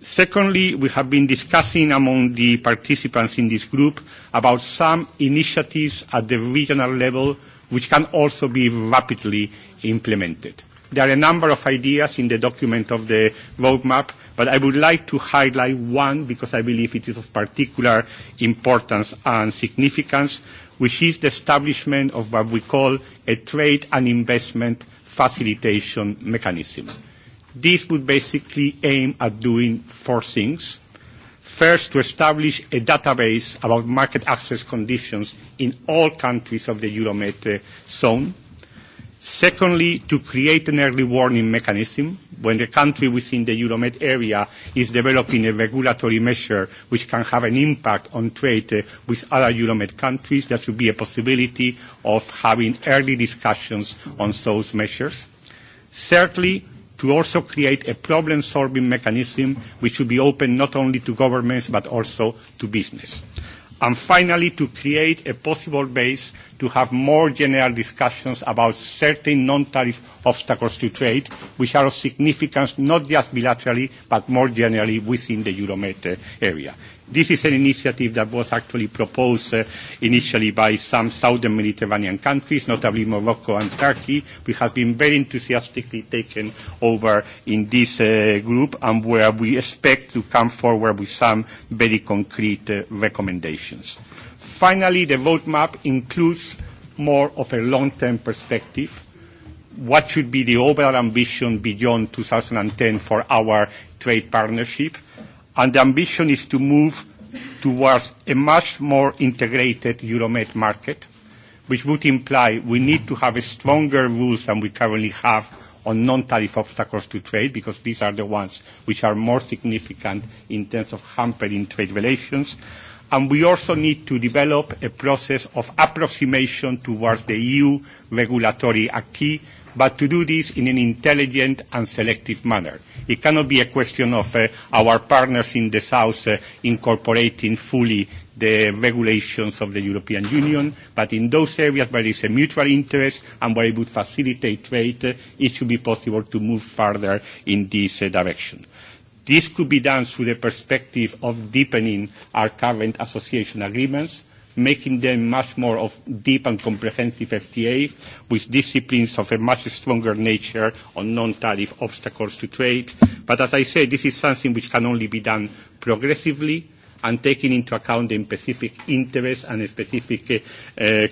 Secondly, we have been discussing among the participants in this group about some initiatives at the regional level which can also be rapidly implemented. There are a number of ideas in the document of the roadmap, but I would like to highlight one because I believe it is of particular importance and significance, which is the establishment of what we call a trade and investment facilitation mechanism. This would basically aim at doing four things. First, to establish a database about market access conditions in all countries of the Euromed zone. Secondly, to create an early warning mechanism when the country within the Euromed area is developing a regulatory measure which can have an impact on trade with other Euromed countries. There should be a possibility of having early discussions on those measures. Thirdly, to also create a problem-solving mechanism which should be open not only to governments but also to business. And finally, to create a possible base to have more general discussions about certain non-tariff obstacles to trade, which are of significance not just bilaterally, but more generally within the Euromed area. This is an initiative that was actually proposed uh, initially by some southern Mediterranean countries, notably Morocco and Turkey, which has been very enthusiastically taken over in this uh, group and where we expect to come forward with some very concrete uh, recommendations. Finally, the roadmap includes more of a long-term perspective. What should be the overall ambition beyond 2010 for our trade partnership? and the ambition is to move towards a much more integrated Euromed market, which would imply we need to have stronger rules than we currently have on non-tariff obstacles to trade, because these are the ones which are more significant in terms of hampering trade relations. And we also need to develop a process of approximation towards the EU regulatory acquis, but to do this in an intelligent and selective manner. It cannot be a question of uh, our partners in the South uh, incorporating fully the regulations of the European Union, but in those areas where there is a mutual interest and where it would facilitate trade, uh, it should be possible to move further in this uh, direction. This could be done through the perspective of deepening our current association agreements, making them much more of deep and comprehensive FTA with disciplines of a much stronger nature on non-tariff obstacles to trade. But as I said, this is something which can only be done progressively and taking into account the specific interests and specific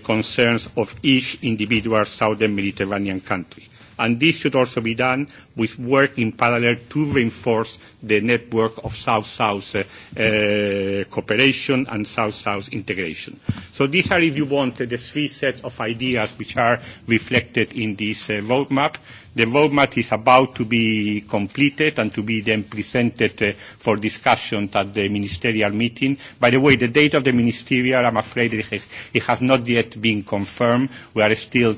concerns of each individual southern Mediterranean country. And this should also be done with work in parallel to reinforce the network of South-South cooperation and South-South integration. So these are, if you want, the three sets of ideas which are reflected in this roadmap. The roadmap is about to be completed and to be then presented for discussion at the ministerial meeting. By the way, the date of the ministerial, I'm afraid it has not yet been confirmed. We are still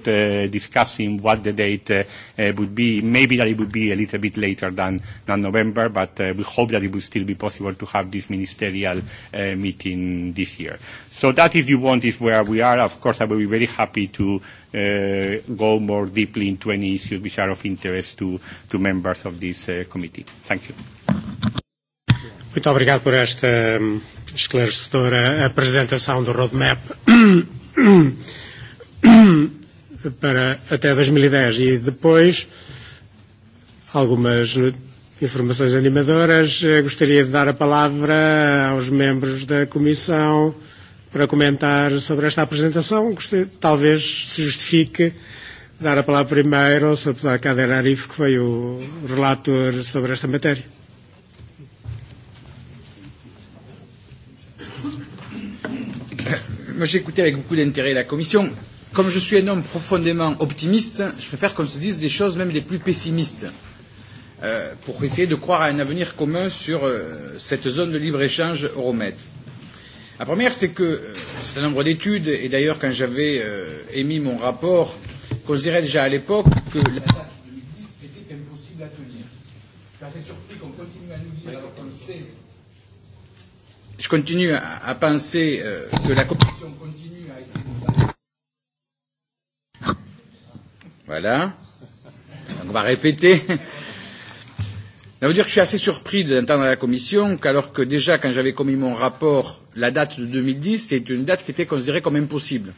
discussing what the date uh, would be maybe that it would be a little bit later than than November, but uh, we hope that it will still be possible to have this ministerial uh, meeting this year. So that, if you want, is where we are. Of course, I will be very happy to uh, go more deeply into any issues which are of interest to to members of this uh, committee. Thank you. Muito obrigado por esta esclarecedora apresentação do roadmap para até 2010 e depois algumas informações animadoras. Gostaria de dar a palavra aos membros da Comissão para comentar sobre esta apresentação. Gostaria, talvez se justifique dar a palavra primeiro ao Sr. Deputado Cadeira Arif, que foi o relator sobre esta matéria. Moi, j'ai écouté avec beaucoup d'intérêt la Commission. Comme je suis un homme profondément optimiste, je préfère qu'on se dise des choses même les plus pessimistes euh, pour essayer de croire à un avenir commun sur euh, cette zone de libre-échange Euromède. La première, c'est que euh, c'est un nombre d'études, et d'ailleurs quand j'avais euh, émis mon rapport, considérait déjà à l'époque que la date 2010 était impossible à tenir. Je suis assez surpris qu'on continue à nous dire, alors qu'on sait... Je continue à, à penser euh, que la Commission Voilà. Donc, on va répéter. Ça veut dire que je suis assez surpris d'entendre à la Commission qu'alors que déjà, quand j'avais commis mon rapport, la date de 2010, c'était une date qui était considérée comme impossible.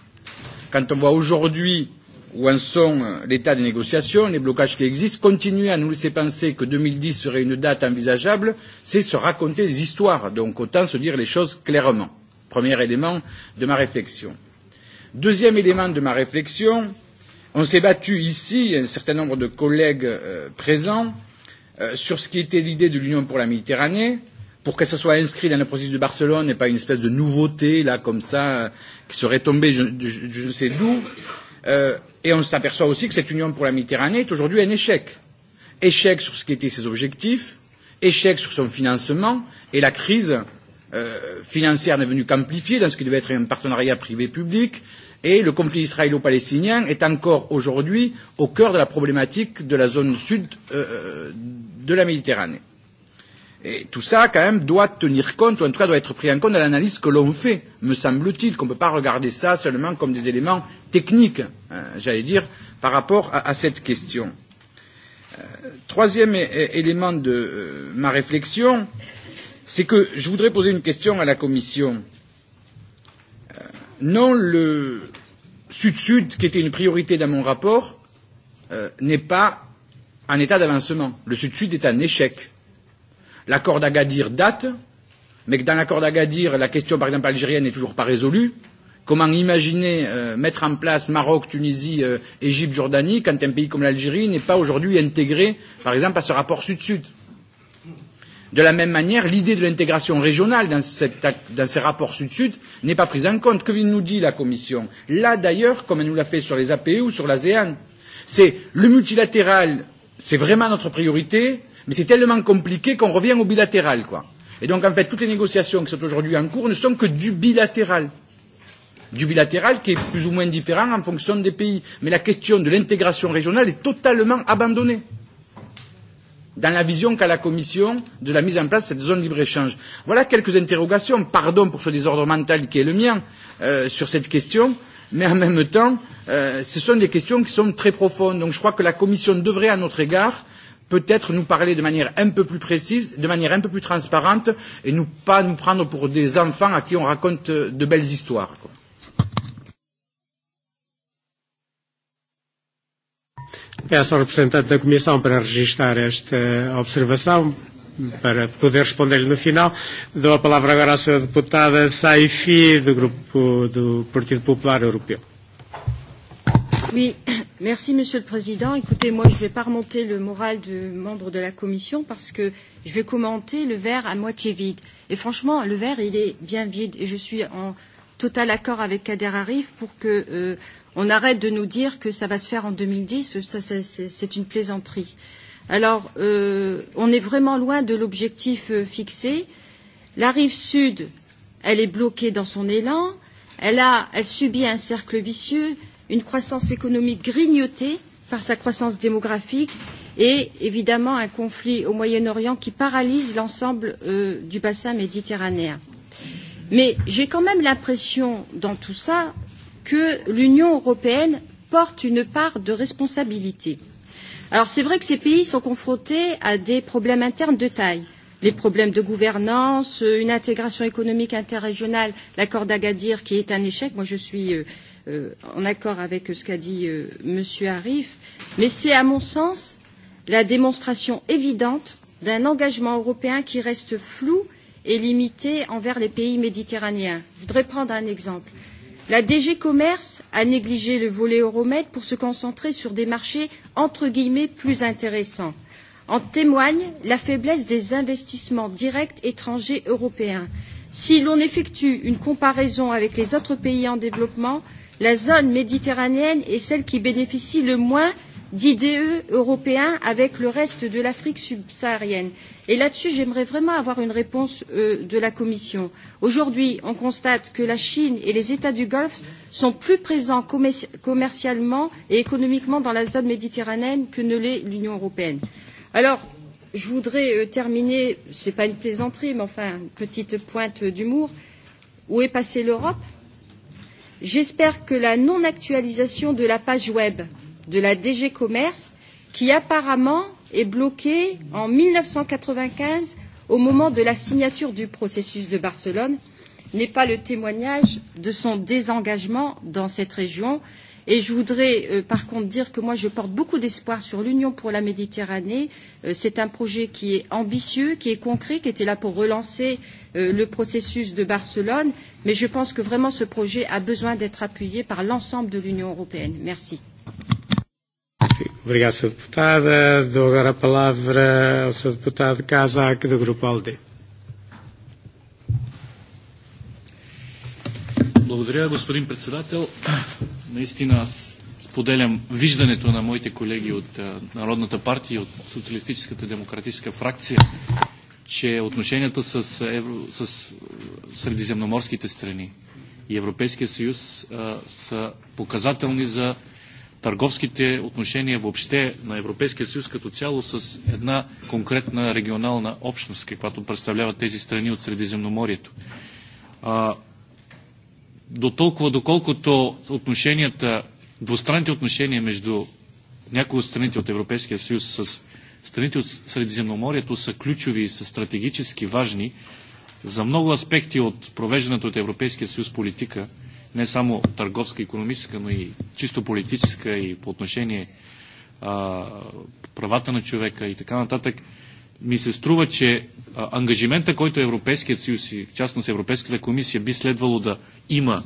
Quand on voit aujourd'hui où en sont l'état des négociations, les blocages qui existent, continuer à nous laisser penser que deux mille dix serait une date envisageable, c'est se raconter des histoires. Donc autant se dire les choses clairement. Premier élément de ma réflexion. Deuxième élément de ma réflexion, On s'est battu ici, un certain nombre de collègues euh, présents, euh, sur ce qui était l'idée de l'Union pour la Méditerranée, pour que ce soit inscrit dans le processus de Barcelone et pas une espèce de nouveauté, là, comme ça, qui serait tombée je, je ne sais d'où. Euh, et on s'aperçoit aussi que cette Union pour la Méditerranée est aujourd'hui un échec. Échec sur ce qui étaient ses objectifs, échec sur son financement, et la crise euh, financière n'est venue qu'amplifier dans ce qui devait être un partenariat privé-public, Et le conflit israélo-palestinien est encore aujourd'hui au cœur de la problématique de la zone sud de la Méditerranée. Et tout ça, quand même, doit tenir compte, ou en tout cas doit être pris en compte dans l'analyse que l'on fait, me semble-t-il, qu'on ne peut pas regarder ça seulement comme des éléments techniques, j'allais dire, par rapport à, cette question. troisième élément de ma réflexion, c'est que je voudrais poser une question à la Commission. Euh, non, le Sud-Sud, qui était une priorité dans mon rapport, euh, n'est pas en état d'avancement. Le Sud-Sud est un échec. L'accord d'Agadir date, mais que dans l'accord d'Agadir, la question, par exemple, algérienne n'est toujours pas résolue. Comment imaginer euh, mettre en place Maroc, Tunisie, euh, Égypte, Jordanie, quand un pays comme l'Algérie n'est pas aujourd'hui intégré, par exemple, à ce rapport Sud-Sud De la même manière, l'idée de l'intégration régionale dans, cette, dans ces rapports sud-sud n'est pas prise en compte. Que nous dit la Commission Là, d'ailleurs, comme elle nous l'a fait sur les APE ou sur l'ASEAN, c'est le multilatéral, c'est vraiment notre priorité, mais c'est tellement compliqué qu'on revient au bilatéral. Quoi. Et donc, en fait, toutes les négociations qui sont aujourd'hui en cours ne sont que du bilatéral du bilatéral qui est plus ou moins différent en fonction des pays. Mais la question de l'intégration régionale est totalement abandonnée dans la vision qu'a la Commission de la mise en place de cette zone libre-échange. Voilà quelques interrogations, pardon pour ce désordre mental qui est le mien euh, sur cette question, mais en même temps, euh, ce sont des questions qui sont très profondes. Donc je crois que la Commission devrait, à notre égard, peut-être nous parler de manière un peu plus précise, de manière un peu plus transparente, et ne pas nous prendre pour des enfants à qui on raconte de belles histoires. Quoi. Peço ao representante da Comissão para registrar esta observação para poder responder-lhe no final. Dou a palavra agora à Sra. Deputada Saifi, do Grupo do Partido Popular Europeu. Oui, merci Monsieur le Président. Écoutez, moi je ne vais pas remonter le moral du membre de la Commission parce que je vais commenter le verre à moitié vide. Et franchement, le verre il est bien vide et je suis en total accord avec Kader Arif pour que euh, On arrête de nous dire que ça va se faire en 2010, ça c'est une plaisanterie. Alors, euh, on est vraiment loin de l'objectif euh, fixé. La rive sud, elle est bloquée dans son élan, elle, a, elle subit un cercle vicieux, une croissance économique grignotée par sa croissance démographique et évidemment un conflit au Moyen-Orient qui paralyse l'ensemble euh, du bassin méditerranéen. Mais j'ai quand même l'impression dans tout ça que l'Union européenne porte une part de responsabilité. Alors c'est vrai que ces pays sont confrontés à des problèmes internes de taille les problèmes de gouvernance, une intégration économique interrégionale, l'accord d'Agadir qui est un échec. Moi, je suis en accord avec ce qu'a dit M. Arif, mais c'est, à mon sens, la démonstration évidente d'un engagement européen qui reste flou et limité envers les pays méditerranéens. Je voudrais prendre un exemple. La DG Commerce a négligé le volet Euromed pour se concentrer sur des marchés entre guillemets plus intéressants. En témoigne la faiblesse des investissements directs étrangers européens. Si l'on effectue une comparaison avec les autres pays en développement, la zone méditerranéenne est celle qui bénéficie le moins d'IDE européen avec le reste de l'Afrique subsaharienne. Et là-dessus, j'aimerais vraiment avoir une réponse de la Commission. Aujourd'hui, on constate que la Chine et les États du Golfe sont plus présents commercialement et économiquement dans la zone méditerranéenne que ne l'est l'Union européenne. Alors, je voudrais terminer, ce n'est pas une plaisanterie, mais enfin, une petite pointe d'humour. Où est passée l'Europe J'espère que la non-actualisation de la page web de la DG Commerce qui apparemment est bloquée en mille neuf cent quatre vingt quinze au moment de la signature du processus de Barcelone n'est pas le témoignage de son désengagement dans cette région. Et je voudrais par contre dire que moi je porte beaucoup d'espoir sur l'Union pour la Méditerranée. C'est un projet qui est ambitieux, qui est concret, qui était là pour relancer le processus de Barcelone. Mais je pense que vraiment ce projet a besoin d'être appuyé par l'ensemble de l'Union européenne. Merci. Obrigado, Sr. Deputada. Dou agora a palavra ao Sr. Deputado Casac, do Grupo Aldi. Благодаря, господин председател. Наистина аз споделям виждането на моите колеги от Народната партия и от Социалистическата демократическа фракция, че отношенията с, евро, с средиземноморските страни и Европейския съюз а, са показателни за търговските отношения въобще на Европейския съюз като цяло с една конкретна регионална общност, каквато представляват тези страни от Средиземноморието. А, до толкова, доколкото отношенията, двустранните отношения между някои от страните от Европейския съюз с страните от Средиземноморието са ключови и са стратегически важни за много аспекти от провежданата от Европейския съюз политика – не само търговска, економическа, но и чисто политическа и по отношение а, правата на човека и така нататък, ми се струва, че а, ангажимента, който Европейският съюз и в частност Европейската комисия би следвало да има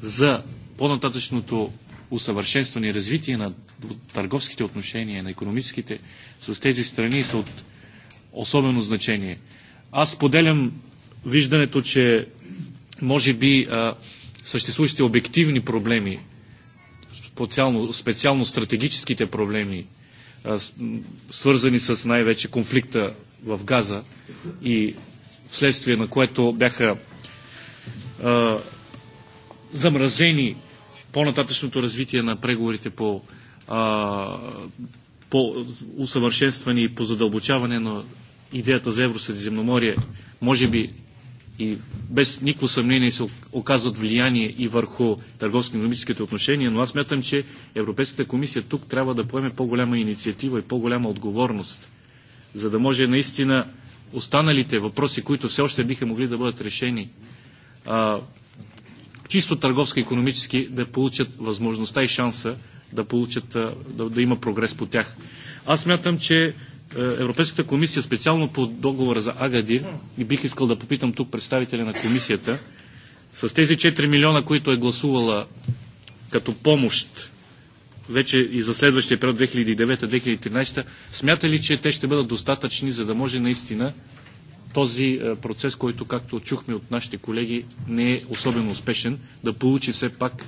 за по-нататъчното усъвършенстване и развитие на търговските отношения, на економическите с тези страни са от особено значение. Аз поделям виждането, че може би а, съществуващите обективни проблеми, специално, специално стратегическите проблеми, свързани с най-вече конфликта в Газа и вследствие на което бяха а, замразени по-нататъчното развитие на преговорите по, а, по усъвършенстване и по задълбочаване на идеята за Евросъдиземноморие, може би и без никакво съмнение се оказват влияние и върху търговско-економическите отношения, но аз мятам, че Европейската комисия тук трябва да поеме по-голяма инициатива и по-голяма отговорност, за да може наистина останалите въпроси, които все още биха могли да бъдат решени, а, чисто търговско-економически да получат възможността и шанса да, получат, да, да има прогрес по тях. Аз мятам, че е, Европейската комисия, специално по договора за Агадир, и бих искал да попитам тук представителя на комисията, с тези 4 милиона, които е гласувала като помощ вече и за следващия период 2009-2013, смята ли, че те ще бъдат достатъчни, за да може наистина този е, процес, който, както чухме от нашите колеги, не е особено успешен, да получи все пак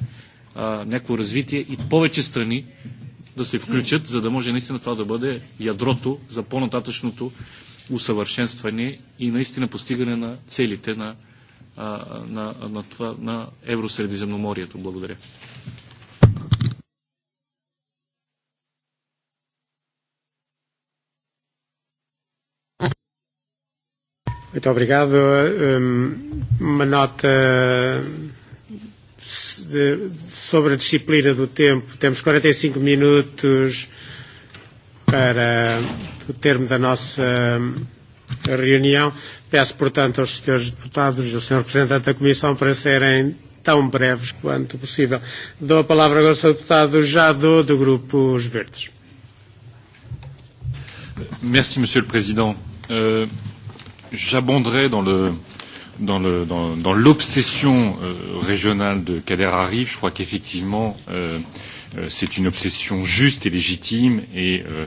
а, някакво развитие и повече страни да се включат, за да може наистина това да бъде ядрото за по-нататъчното усъвършенстване и наистина постигане на целите на, на, на, на, на Евросредиземноморието. Благодаря. Muito obrigado. Uma nota sobre a disciplina do tempo. Temos 45 minutos para o termo da nossa reunião. Peço, portanto, aos senhores deputados e ao senhor representante da Comissão para serem tão breves quanto possível. Dou a palavra agora ao senhor deputado Jadot, do Grupo Os Verdes. Merci, Monsieur le Président. Euh, J'abonderai dans le, dans, le, dans, dans l'obsession euh, régionale de Kader Arif, je crois qu'effectivement, euh, c'est une obsession juste et légitime et euh,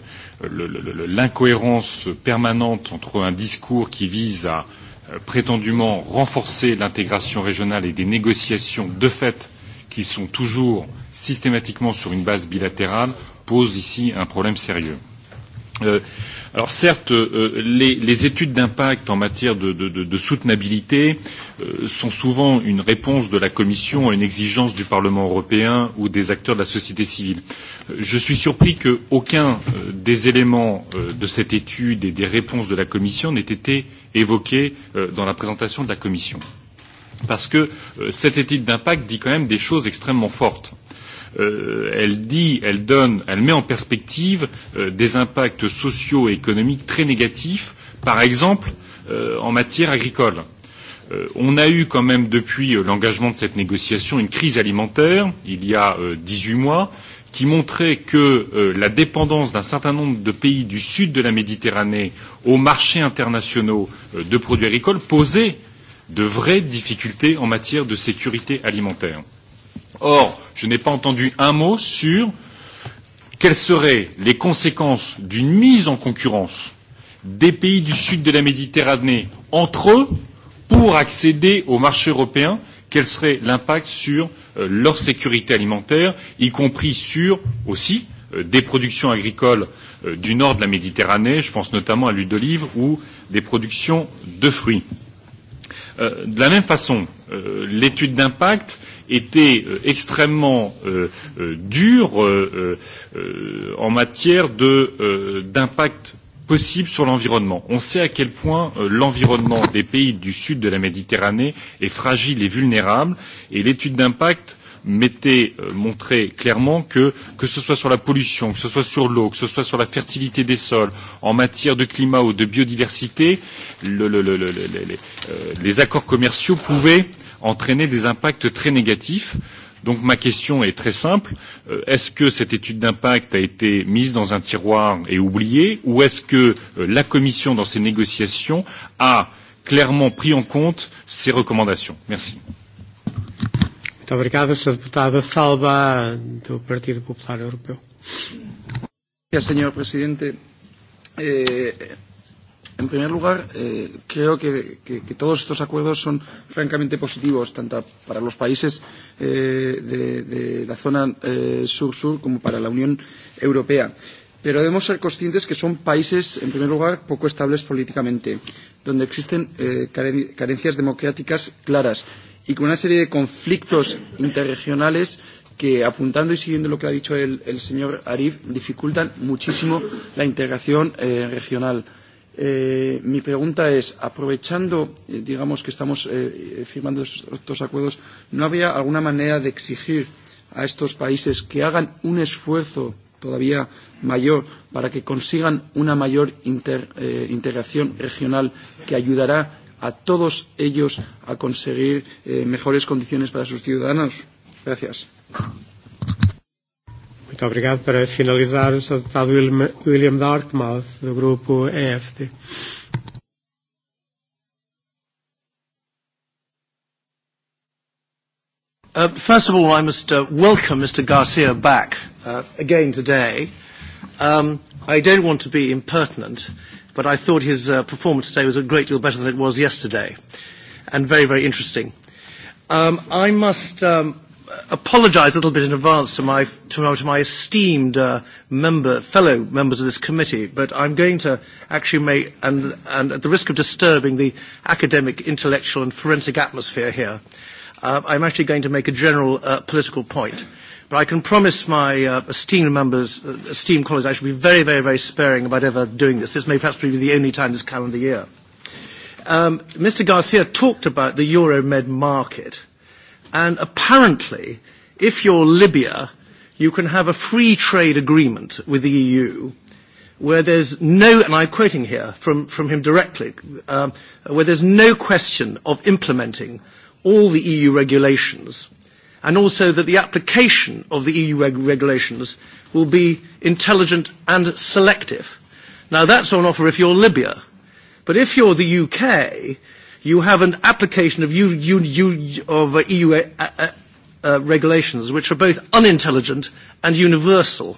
l'incohérence permanente entre un discours qui vise à euh, prétendument renforcer l'intégration régionale et des négociations de fait qui sont toujours systématiquement sur une base bilatérale pose ici un problème sérieux. Euh, Alors certes, euh, les, les études d'impact en matière de, de, de, de soutenabilité euh, sont souvent une réponse de la Commission à une exigence du Parlement européen ou des acteurs de la société civile. Je suis surpris qu'aucun euh, des éléments euh, de cette étude et des réponses de la Commission n'ait été évoqué euh, dans la présentation de la Commission. Parce que euh, cette étude d'impact dit quand même des choses extrêmement fortes euh, elle dit, elle donne, elle met en perspective euh, des impacts sociaux et économiques très négatifs, par exemple euh, en matière agricole. Euh, on a eu quand même depuis euh, l'engagement de cette négociation une crise alimentaire il y a euh, 18 mois qui montrait que euh, la dépendance d'un certain nombre de pays du sud de la Méditerranée aux marchés internationaux euh, de produits agricoles posait de vraies difficultés en matière de sécurité alimentaire. Euh, Or, je n'ai pas entendu un mot sur quelles seraient les conséquences d'une mise en concurrence des pays du sud de la Méditerranée entre eux pour accéder au marché européen, quel serait l'impact sur leur sécurité alimentaire, y compris sur aussi des productions agricoles du nord de la Méditerranée, je pense notamment à l'huile d'olive ou des productions de fruits. De la même façon, l'étude d'impact été euh, extrêmement euh, euh, dur euh, euh, en matière d'impact euh, possible sur l'environnement. On sait à quel point euh, l'environnement des pays du sud de la Méditerranée est fragile et vulnérable et l'étude d'impact mettait, euh, montrait clairement que, que ce soit sur la pollution, que ce soit sur l'eau, que ce soit sur la fertilité des sols, en matière de climat ou de biodiversité, le, le, le, le, le, les, euh, les accords commerciaux pouvaient entraîner des impacts très négatifs. Donc ma question est très simple. Est-ce que cette étude d'impact a été mise dans un tiroir et oubliée ou est-ce que la Commission, dans ses négociations, a clairement pris en compte ces recommandations Merci. Eh, En primer lugar, eh, creo que, que, que todos estos acuerdos son francamente positivos, tanto para los países eh, de, de la zona sur sur-sur como para la Unión Europea. Pero debemos ser conscientes que son países, en primer lugar, poco estables políticamente, donde existen eh, carencias democráticas claras y con una serie de conflictos interregionales que, apuntando y siguiendo lo que ha dicho el, el señor Arif, dificultan muchísimo la integración eh, regional. Eh, mi pregunta es, aprovechando, eh, digamos que estamos eh, firmando estos acuerdos, ¿no había alguna manera de exigir a estos países que hagan un esfuerzo todavía mayor para que consigan una mayor inter, eh, integración regional que ayudará a todos ellos a conseguir eh, mejores condiciones para sus ciudadanos? Gracias. Muito obrigado. Para finalizar, o Sr. Deputado William Dartmouth, do Grupo EFT. Uh, first of all, I must uh, welcome Mr. Garcia back uh, again today. Um, I don't want to be impertinent, but I thought his uh, performance today was a great deal better than it was yesterday, and very, very interesting. Um, I must um, apologise a little bit in advance to my, to, to my esteemed uh, member, fellow members of this committee, but I'm going to actually make, and, and at the risk of disturbing the academic, intellectual and forensic atmosphere here, uh, I'm actually going to make a general uh, political point. But I can promise my uh, esteemed members, uh, esteemed colleagues, I shall be very, very, very sparing about ever doing this. This may perhaps be the only time this calendar year. Um, Mr. Garcia talked about the Euromed market And apparently, if you're Libya, you can have a free trade agreement with the EU where there's no, and I'm quoting here from, from him directly, um, where there's no question of implementing all the EU regulations, and also that the application of the EU reg- regulations will be intelligent and selective. Now that's on offer if you're Libya. But if you're the UK, you have an application of, of EU uh, uh, uh, regulations which are both unintelligent and universal.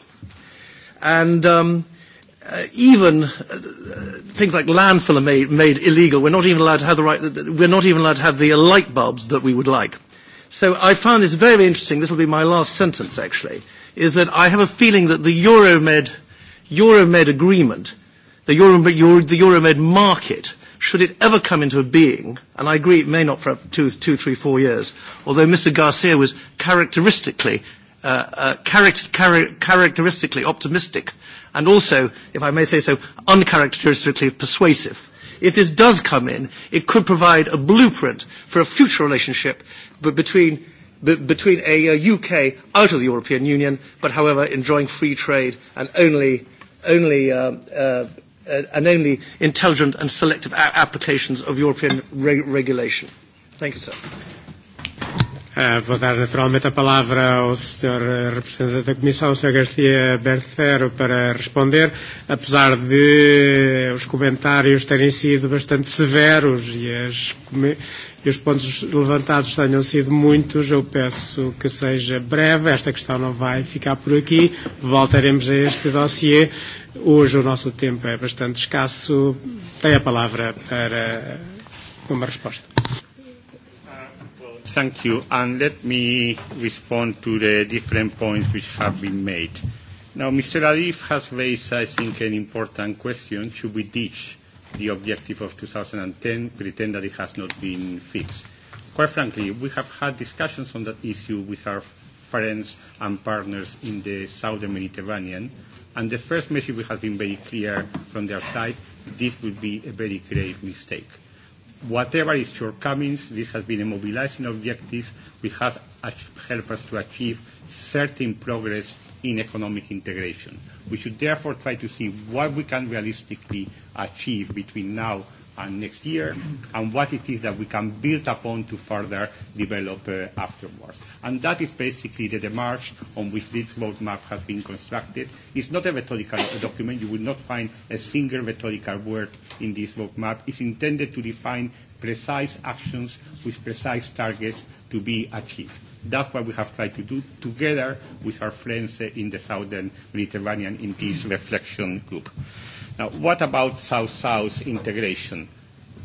And um, uh, even uh, things like landfill are made, made illegal. We're not even allowed to have the right. We're not even allowed to have the light bulbs that we would like. So I found this very interesting. This will be my last sentence, actually, is that I have a feeling that the Euromed, Euromed agreement, the Euromed, the Euromed market should it ever come into being, and I agree it may not for two, two three, four years, although Mr. Garcia was characteristically, uh, uh, character, characteristically optimistic and also, if I may say so, uncharacteristically persuasive. If this does come in, it could provide a blueprint for a future relationship between between a UK out of the European Union, but however enjoying free trade and only, only uh, uh, and only intelligent and selective applications of European regulation. Thank you, sir. Vou dar naturalmente a palavra ao Sr. Representante da Comissão, o Sr. Garcia Bercero, para responder, apesar de os comentários terem sido bastante severos e, as, e os pontos levantados tenham sido muitos, eu peço que seja breve. Esta questão não vai ficar por aqui. Voltaremos a este dossiê. Hoje o nosso tempo é bastante escasso. Tem a palavra para uma resposta. Thank you. And let me respond to the different points which have been made. Now, Mr. Adif has raised, I think, an important question. Should we ditch the objective of 2010, pretend that it has not been fixed? Quite frankly, we have had discussions on that issue with our friends and partners in the southern Mediterranean, and the first message we have been very clear from their side, this would be a very grave mistake whatever is shortcomings, this has been a mobilizing objective which has helped us to achieve certain progress in economic integration. We should therefore try to see what we can realistically achieve between now and next year, and what it is that we can build upon to further develop afterwards. And that is basically the demarche on which this roadmap has been constructed. It's not a rhetorical document. You will not find a single rhetorical word in this roadmap. It's intended to define precise actions with precise targets to be achieved. That's what we have tried to do together with our friends in the southern Mediterranean in this reflection group. Now, what about South-South integration?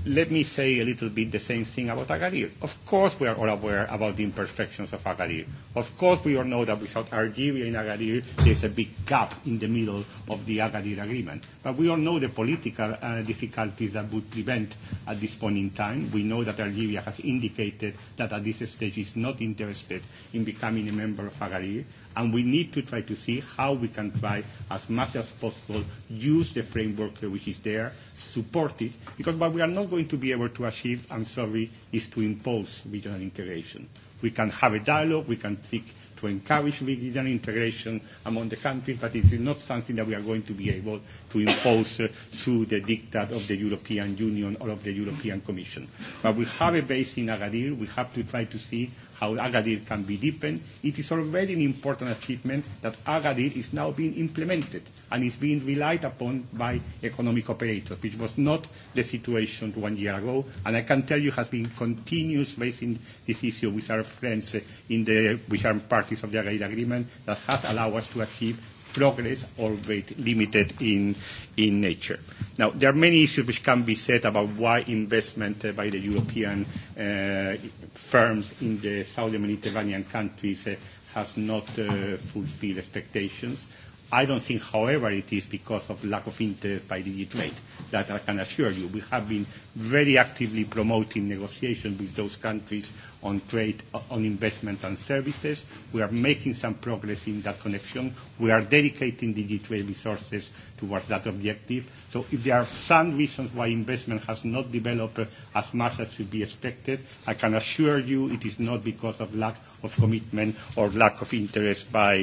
Let me say a little bit the same thing about Agadir. Of course, we are all aware about the imperfections of Agadir. Of course, we all know that without Algeria in Agadir, there's a big gap in the middle of the Agadir agreement. But we all know the political uh, difficulties that would prevent at this point in time. We know that Algeria has indicated that at this stage is not interested in becoming a member of Agadir and we need to try to see how we can try as much as possible use the framework which is there, support it, because what we are not going to be able to achieve, I'm sorry, is to impose regional integration. We can have a dialogue, we can seek to encourage regional integration among the countries, but it is not something that we are going to be able to impose uh, through the diktat of the European Union or of the European Commission. But we have a base in Agadir. We have to try to see how Agadir can be deepened, it is already an important achievement that Agadir is now being implemented and is being relied upon by economic operators, which was not the situation one year ago. And I can tell you has been continuous raising this issue with our friends in the, which are parties of the Agadir Agreement that has allowed us to achieve progress, albeit limited in, in nature. Now, there are many issues which can be said about why investment uh, by the European uh, firms in the southern Mediterranean countries uh, has not uh, fulfilled expectations. I don't think, however, it is because of lack of interest by Digitrade. That I can assure you. We have been very actively promoting negotiations with those countries on trade, on investment and services. We are making some progress in that connection. We are dedicating Digitrade resources towards that objective. So if there are some reasons why investment has not developed as much as should be expected, I can assure you it is not because of lack of commitment or lack of interest by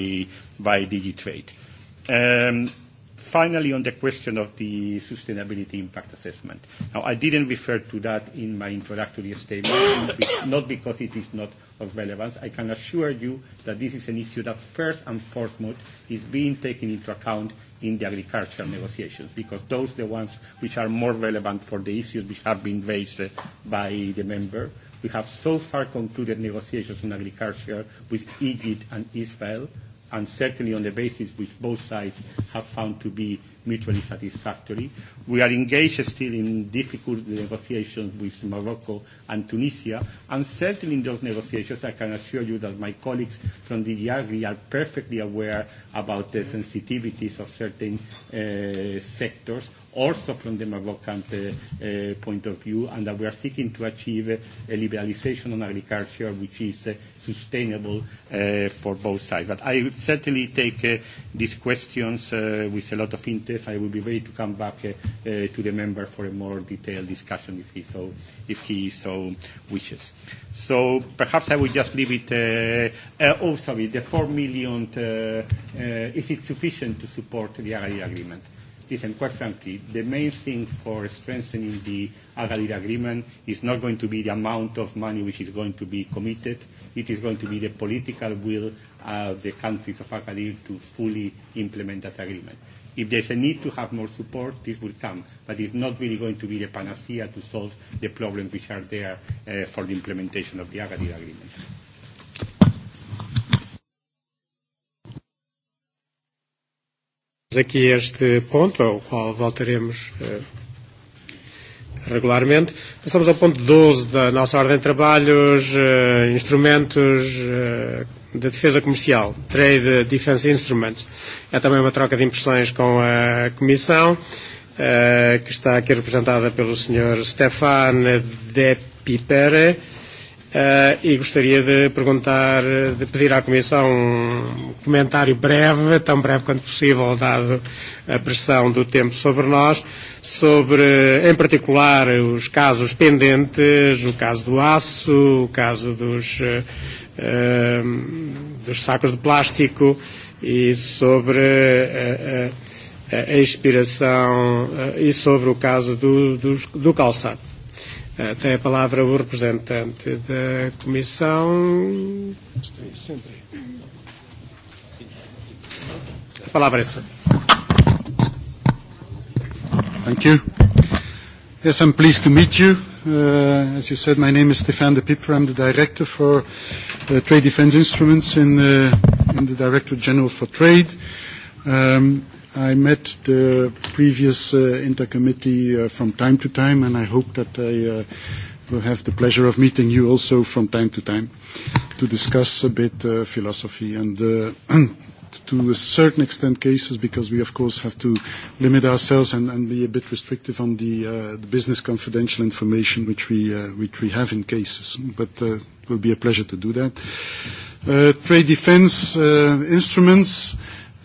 Digitrade. Finally, on the question of the sustainability impact assessment. Now, I didn't refer to that in my introductory statement, not because it is not of relevance. I can assure you that this is an issue that first and foremost is being taken into account in the agricultural negotiations, because those are the ones which are more relevant for the issues which have been raised by the member. We have so far concluded negotiations on agriculture with Egypt and Israel, and certainly on the basis which both sides have found to be mutually satisfactory. We are engaged still in difficult negotiations with Morocco and Tunisia, and certainly in those negotiations I can assure you that my colleagues from the Agri are perfectly aware about the sensitivities of certain uh, sectors also from the Moroccan uh, uh, point of view, and that we are seeking to achieve a liberalization on agriculture which is uh, sustainable uh, for both sides. But I would certainly take uh, these questions uh, with a lot of interest. I will be ready to come back uh, uh, to the member for a more detailed discussion if he so, if he so wishes. So perhaps I will just leave it. Uh, uh, oh, sorry, the 4 million, uh, uh, is it sufficient to support the agreement? listen, quite frankly, the main thing for strengthening the Agadir agreement is not going to be the amount of money which is going to be committed. It is going to be the political will of the countries of Agadir to fully implement that agreement. If there's a need to have more support, this will come, but it's not really going to be the panacea to solve the problems which are there uh, for the implementation of the Agadir agreement. aqui este ponto, ao qual voltaremos regularmente. Passamos ao ponto 12 da nossa ordem de trabalhos, instrumentos de defesa comercial, Trade Defense Instruments. É também uma troca de impressões com a Comissão, que está aqui representada pelo Sr. Stefan De Pipere e gostaria de perguntar, de pedir à Comissão um comentário breve, tão breve quanto possível, dado a pressão do tempo sobre nós, sobre, em particular, os casos pendentes, o caso do aço, o caso dos, dos sacos de plástico e sobre a, a, a expiração e sobre o caso do, do, do calçado tem a palavra o representante da Comissão. A palavra é sua. Thank you. Yes, I'm pleased to meet you. Uh, as you said, my name is Stefan de Piper. I'm the director for uh, trade defense instruments in, uh, in the Director General for Trade. Um, I met the previous uh, intercommittee uh, from time to time, and I hope that I uh, will have the pleasure of meeting you also from time to time to discuss a bit uh, philosophy and uh, to a certain extent cases because we of course have to limit ourselves and, and be a bit restrictive on the, uh, the business confidential information which we, uh, which we have in cases. But uh, it will be a pleasure to do that. Uh, trade defense uh, instruments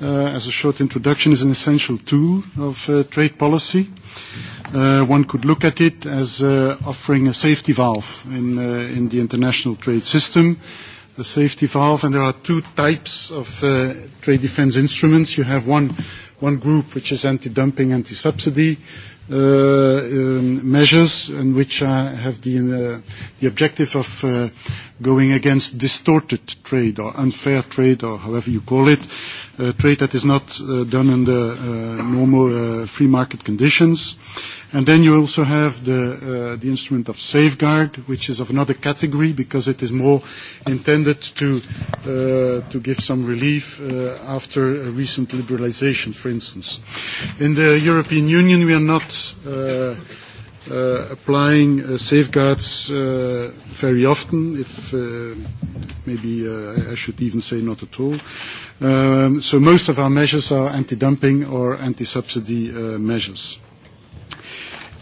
uh, as a short introduction, is an essential tool of uh, trade policy. Uh, one could look at it as uh, offering a safety valve in, uh, in the international trade system, a safety valve, and there are two types of uh, trade defense instruments. You have one, one group which is anti-dumping, anti-subsidy, uh, measures and which uh, have the, uh, the objective of uh, going against distorted trade or unfair trade or however you call it, uh, trade that is not uh, done under uh, normal uh, free market conditions. Uh, And then you also have the, uh, the instrument of safeguard, which is of another category because it is more intended to, uh, to give some relief uh, after a recent liberalization, for instance. In the European Union, we are not uh, uh, applying uh, safeguards uh, very often, if uh, maybe uh, I should even say not at all. Um, so most of our measures are anti-dumping or anti-subsidy uh, measures.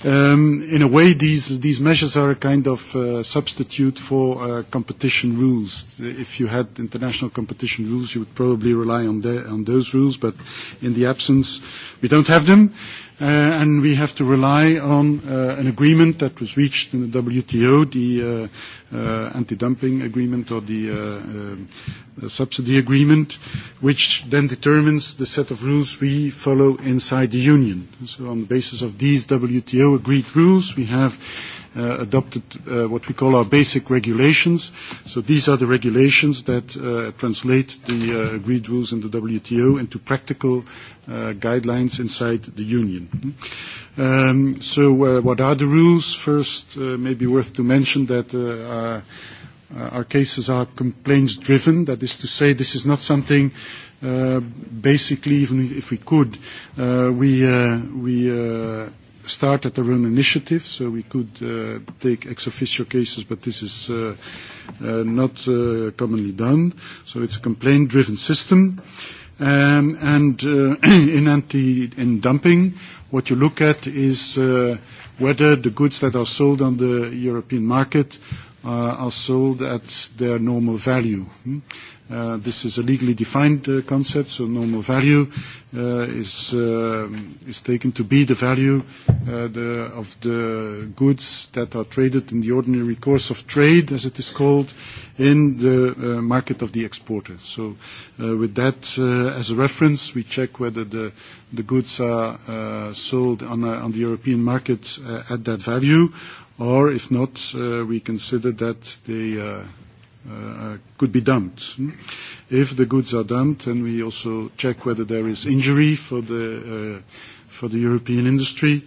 Um, in a way, these, these measures are a kind of uh, substitute for uh, competition rules. If you had international competition rules, you would probably rely on, the, on those rules, but in the absence, we don't have them. Uh, and we have to rely on an agreement that was reached in the WTO, the anti-dumping agreement or the subsidy agreement, which then determines the set of rules we follow inside the union. So on the basis of these WTO agreed rules, we have adopted uh what we call our basic regulations. So these are the regulations that uh translate the agreed rules in the WTO into practical uh guidelines inside the union. So uh what are the rules? First, uh maybe worth to mention that our cases are complaints-driven. That is to say, this is not something basically, even if we could, uh we uh uh we start at the own initiative, so we could uh, take ex officio cases, but this is uh, uh, not uh, commonly done. So it's a complaint-driven system. Um, and uh, in anti-dumping, what you look at is uh, whether the goods that are sold on the European market are sold at their normal value. This is a legally defined concept, so normal value is, is taken to be the value of the goods that are traded in the ordinary course of trade, as it is called, in the market of the exporter. So with that as a reference, we check whether the, the goods are sold on, on the European market at that value, or if not, we consider that they could be dumped. If the goods are dumped, and we also check whether there is injury for the for the European industry.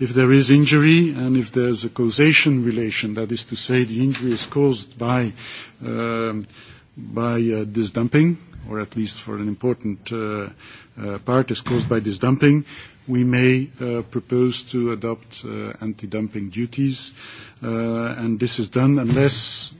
If there is injury and if there is a causation relation, that is to say, the injury is caused by this dumping, or at least for an important part is caused by this dumping, we may propose to adopt anti-dumping duties. and This is done unless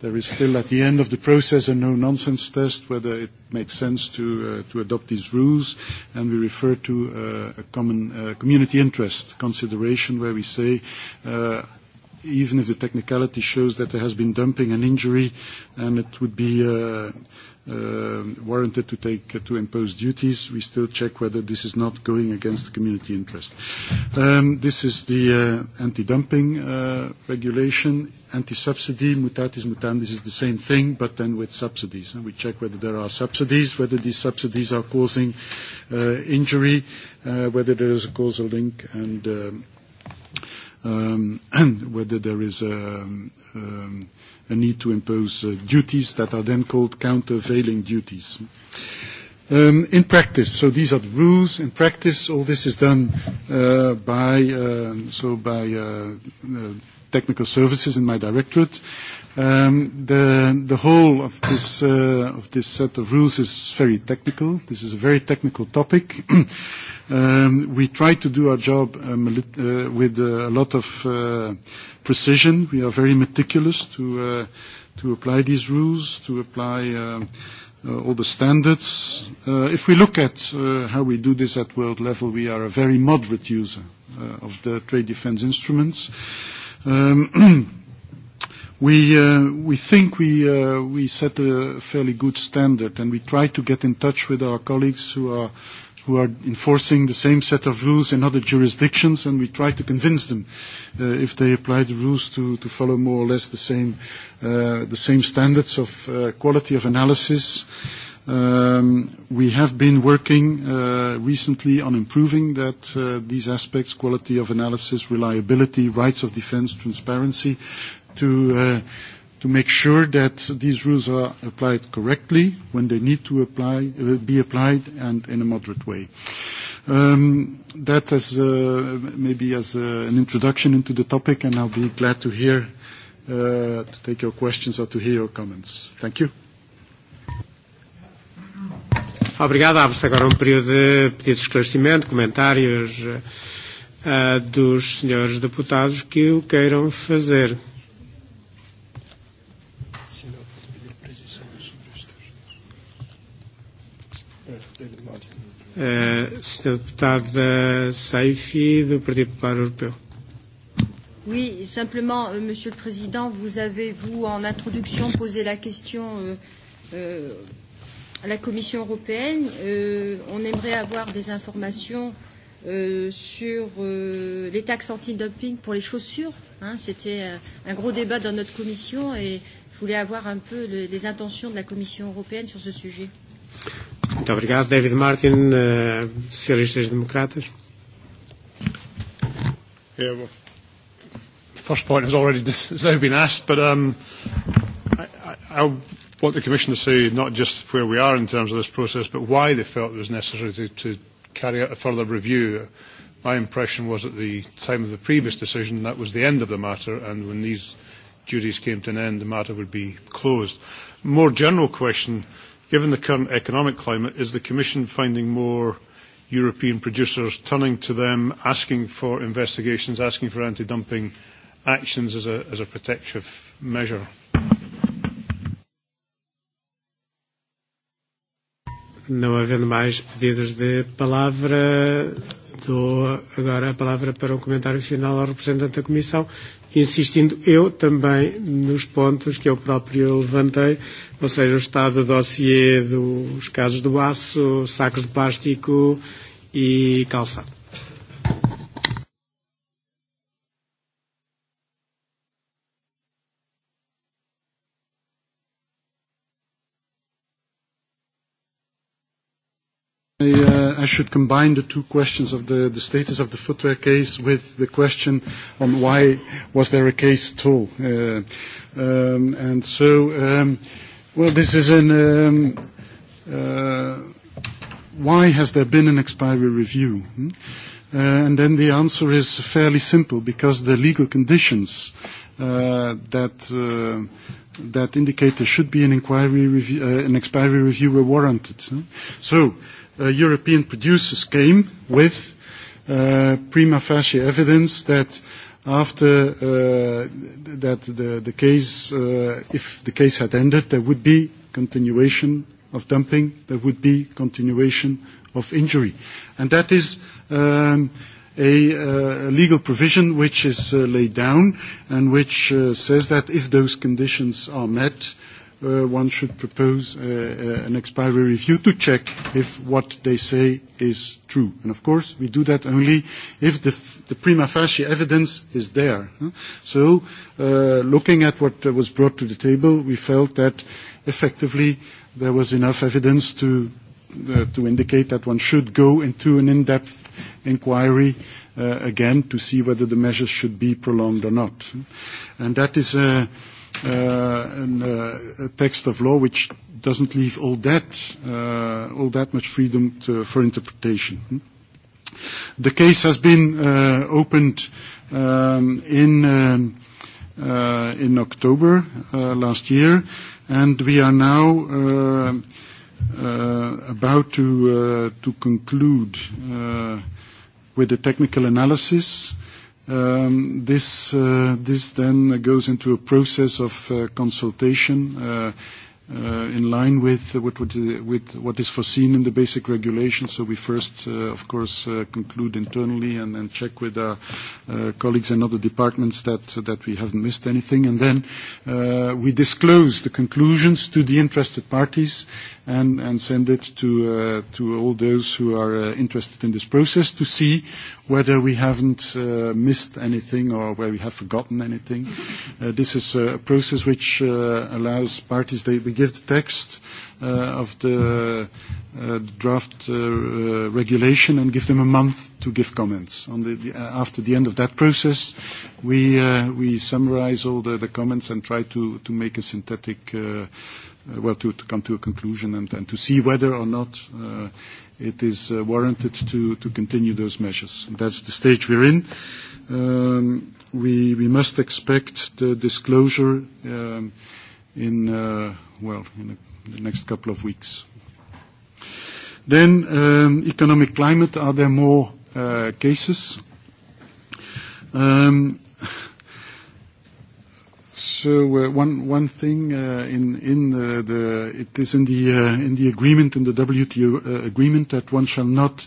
There is still at the end of the process a no-nonsense test whether it makes sense to, uh, to adopt these rules, and we refer to uh, a common uh, community interest consideration where we say uh, even if the technicality shows that there has been dumping and injury, and it would be uh, warranted to take to impose duties, we still check whether this is not going against the community interest. This is the anti-dumping regulation. Anti-subsidy, mutatis mutandis is the same thing, but then with subsidies. We check whether there are subsidies, whether these subsidies are causing injury, whether there is a causal link, and whether there is a a need to impose duties that are then called countervailing duties. in practice, so these are the rules. In practice, all this is done by, so by technical services in my directorate. Um the, the whole of this, uh of this set of rules is very technical. This is a very technical topic. Um we try to do our job um uh with uh a lot of precision. We are very meticulous to, uh, to apply these rules, to apply uh, uh, all the standards. Uh, if we look at uh, how we do this at world level, we are a very moderate user uh, of the trade defense instruments. Um, We think we set a fairly good standard, and we try to get in touch with our colleagues who are who are enforcing the same set of rules in other jurisdictions, and we try to convince them, uh, if they apply the rules, to, to follow more or less the same, uh, the same standards of uh, quality of analysis. Um, we have been working uh, recently on improving that, uh, these aspects, quality of analysis, reliability, rights of defense, transparency, to uh, to make sure that these rules are applied correctly when they need to apply, uh, be applied and in a moderate way. Um, that as uh, maybe as uh, an introduction into the topic, and I'll be glad to hear, uh, to take your questions or to hear your comments. Thank you. Obrigado. há se agora um período de pedidos de esclarecimento, comentários uh, dos senhores deputados que o queiram fazer. Deputada Saifi, do Partido Popular Europeu. Oui, simplement, euh, Monsieur le Président, vous avez, vous, en introduction, posé la question euh, euh, à la Commission européenne. Euh, on aimerait avoir des informations euh, sur euh, les taxes anti-dumping pour les chaussures. Hein, C'était un gros débat dans notre Commission et je voulais avoir un peu le, les intentions de la Commission européenne sur ce sujet. Euh, Muito obrigado. David Martin, uh, Socialistas Democratas. Yeah, well, the first point has already been asked, but um, I, I, I want the Commission to say not just where we are in terms of this process, but why they felt it was necessary to, to carry out a further review. My impression was at the time of the previous decision that was the end of the matter, and when these duties came to an end, the matter would be closed. More general question Given the current economic climate, is the Commission finding more European producers turning to them, asking for investigations, asking for anti-dumping actions as a, as a protective measure? Não havendo mais pedidos de palavra, dou agora a palavra para um comentário final ao representante da Comissão, insistindo eu também nos pontos que eu próprio levantei, ou seja, o estado do dossiê dos casos do aço, sacos de plástico e calçado. I should combine the two questions of the, the status of the footwear case with the question on why was there a case at all. Uh, um, and so, um, well, this is an... Um, uh, why has there been an expiry review? Hmm? Uh, and then the answer is fairly simple, because the legal conditions uh, that... Uh, that indicate there should be an inquiry review, uh, an expiry review were warranted. So European producers came with prima facie evidence that after that the, the case, if the case had ended, there would be continuation of dumping, there would be continuation of injury. And that is a legal provision which is laid down and which says that if those conditions are met, one should propose an expiry review to check if what they say is true. And of course, we do that only if the, the prima facie evidence is there. So, uh looking at what was brought to the table, we felt that effectively there was enough evidence to, uh to indicate that one should go into an in-depth inquiry uh again to see whether the measures should be prolonged or not. And that is. Uh, a text of law which doesn't leave all that, uh, all that much freedom to, for interpretation. The case has been uh, opened um, in, um, uh, in October uh, last year, and we are now uh, uh, about to, uh, to conclude uh, with the technical analysis uh, This then goes into a process of consultation in line with what is foreseen in the basic regulation. So we first, of course, conclude internally and then check with our colleagues and other departments that we haven't missed anything. And then we disclose the conclusions to the interested parties, and, and send it to, uh, to all those who are uh, interested in this process to see whether we haven't uh, missed anything or where we have forgotten anything. Uh, this is a process which uh, allows parties, they, we give the text uh, of the uh, draft uh, uh, regulation and give them a month to give comments. On the, the, uh, after the end of that process, we, uh, we summarize all the, the comments and try to, to make a synthetic uh, well, to come to a conclusion and to see whether or not it is warranted to continue those measures. That's the stage we're in. We must expect the disclosure in, well, in the next couple of weeks. Then, economic climate, are there more cases? also one one thing in in the it is in the in the agreement, in the WTO agreement, that one shall not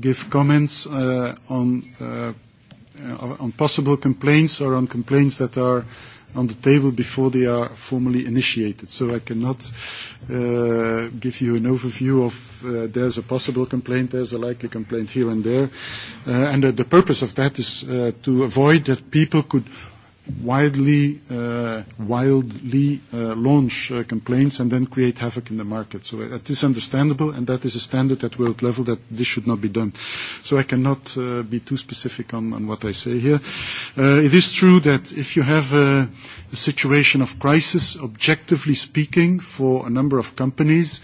give comments on on possible complaints or on complaints that are on the table before they are formally initiated. So I cannot uh, give you an overview of uh, there's a possible complaint, there's a likely complaint here and there. Uh, and uh, the purpose of that is uh, to avoid that people could widely, uh, wildly uh, launch uh, complaints and then create havoc in the market. So that is understandable, and that is a standard at world level that this should not be done. So I cannot uh, be too specific on, on what I say here. Uh, it is true that if you have a, a situation of crisis, objectively speaking, for a number of companies,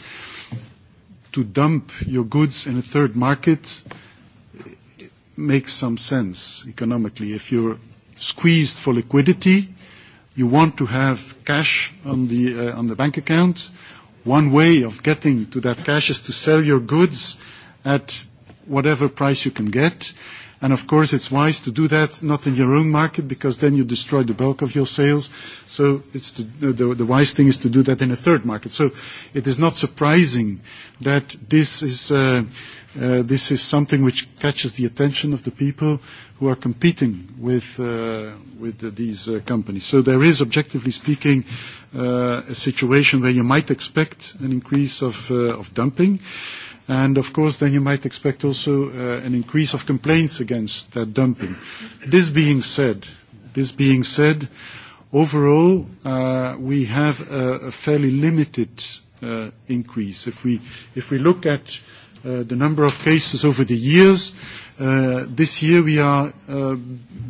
to dump your goods in a third market makes some sense economically. If you're squeezed for liquidity. You want to have cash on the, uh, on the bank account. One way of getting to that cash is to sell your goods at whatever price you can get. And of course, it's wise to do that not in your own market because then you destroy the bulk of your sales. So it's the, the wise thing is to do that in a third market. So it is not surprising that this is. Uh, Uh, this is something which catches the attention of the people who are competing with, uh, with these uh, companies. So there is, objectively speaking, uh, a situation where you might expect an increase of, uh, of dumping. And of course, then you might expect also uh, an increase of complaints against that dumping. This being said, this being said, overall, uh, we have a, a fairly limited uh, increase. If we, if we look at uh, the number of cases over the years. this year we are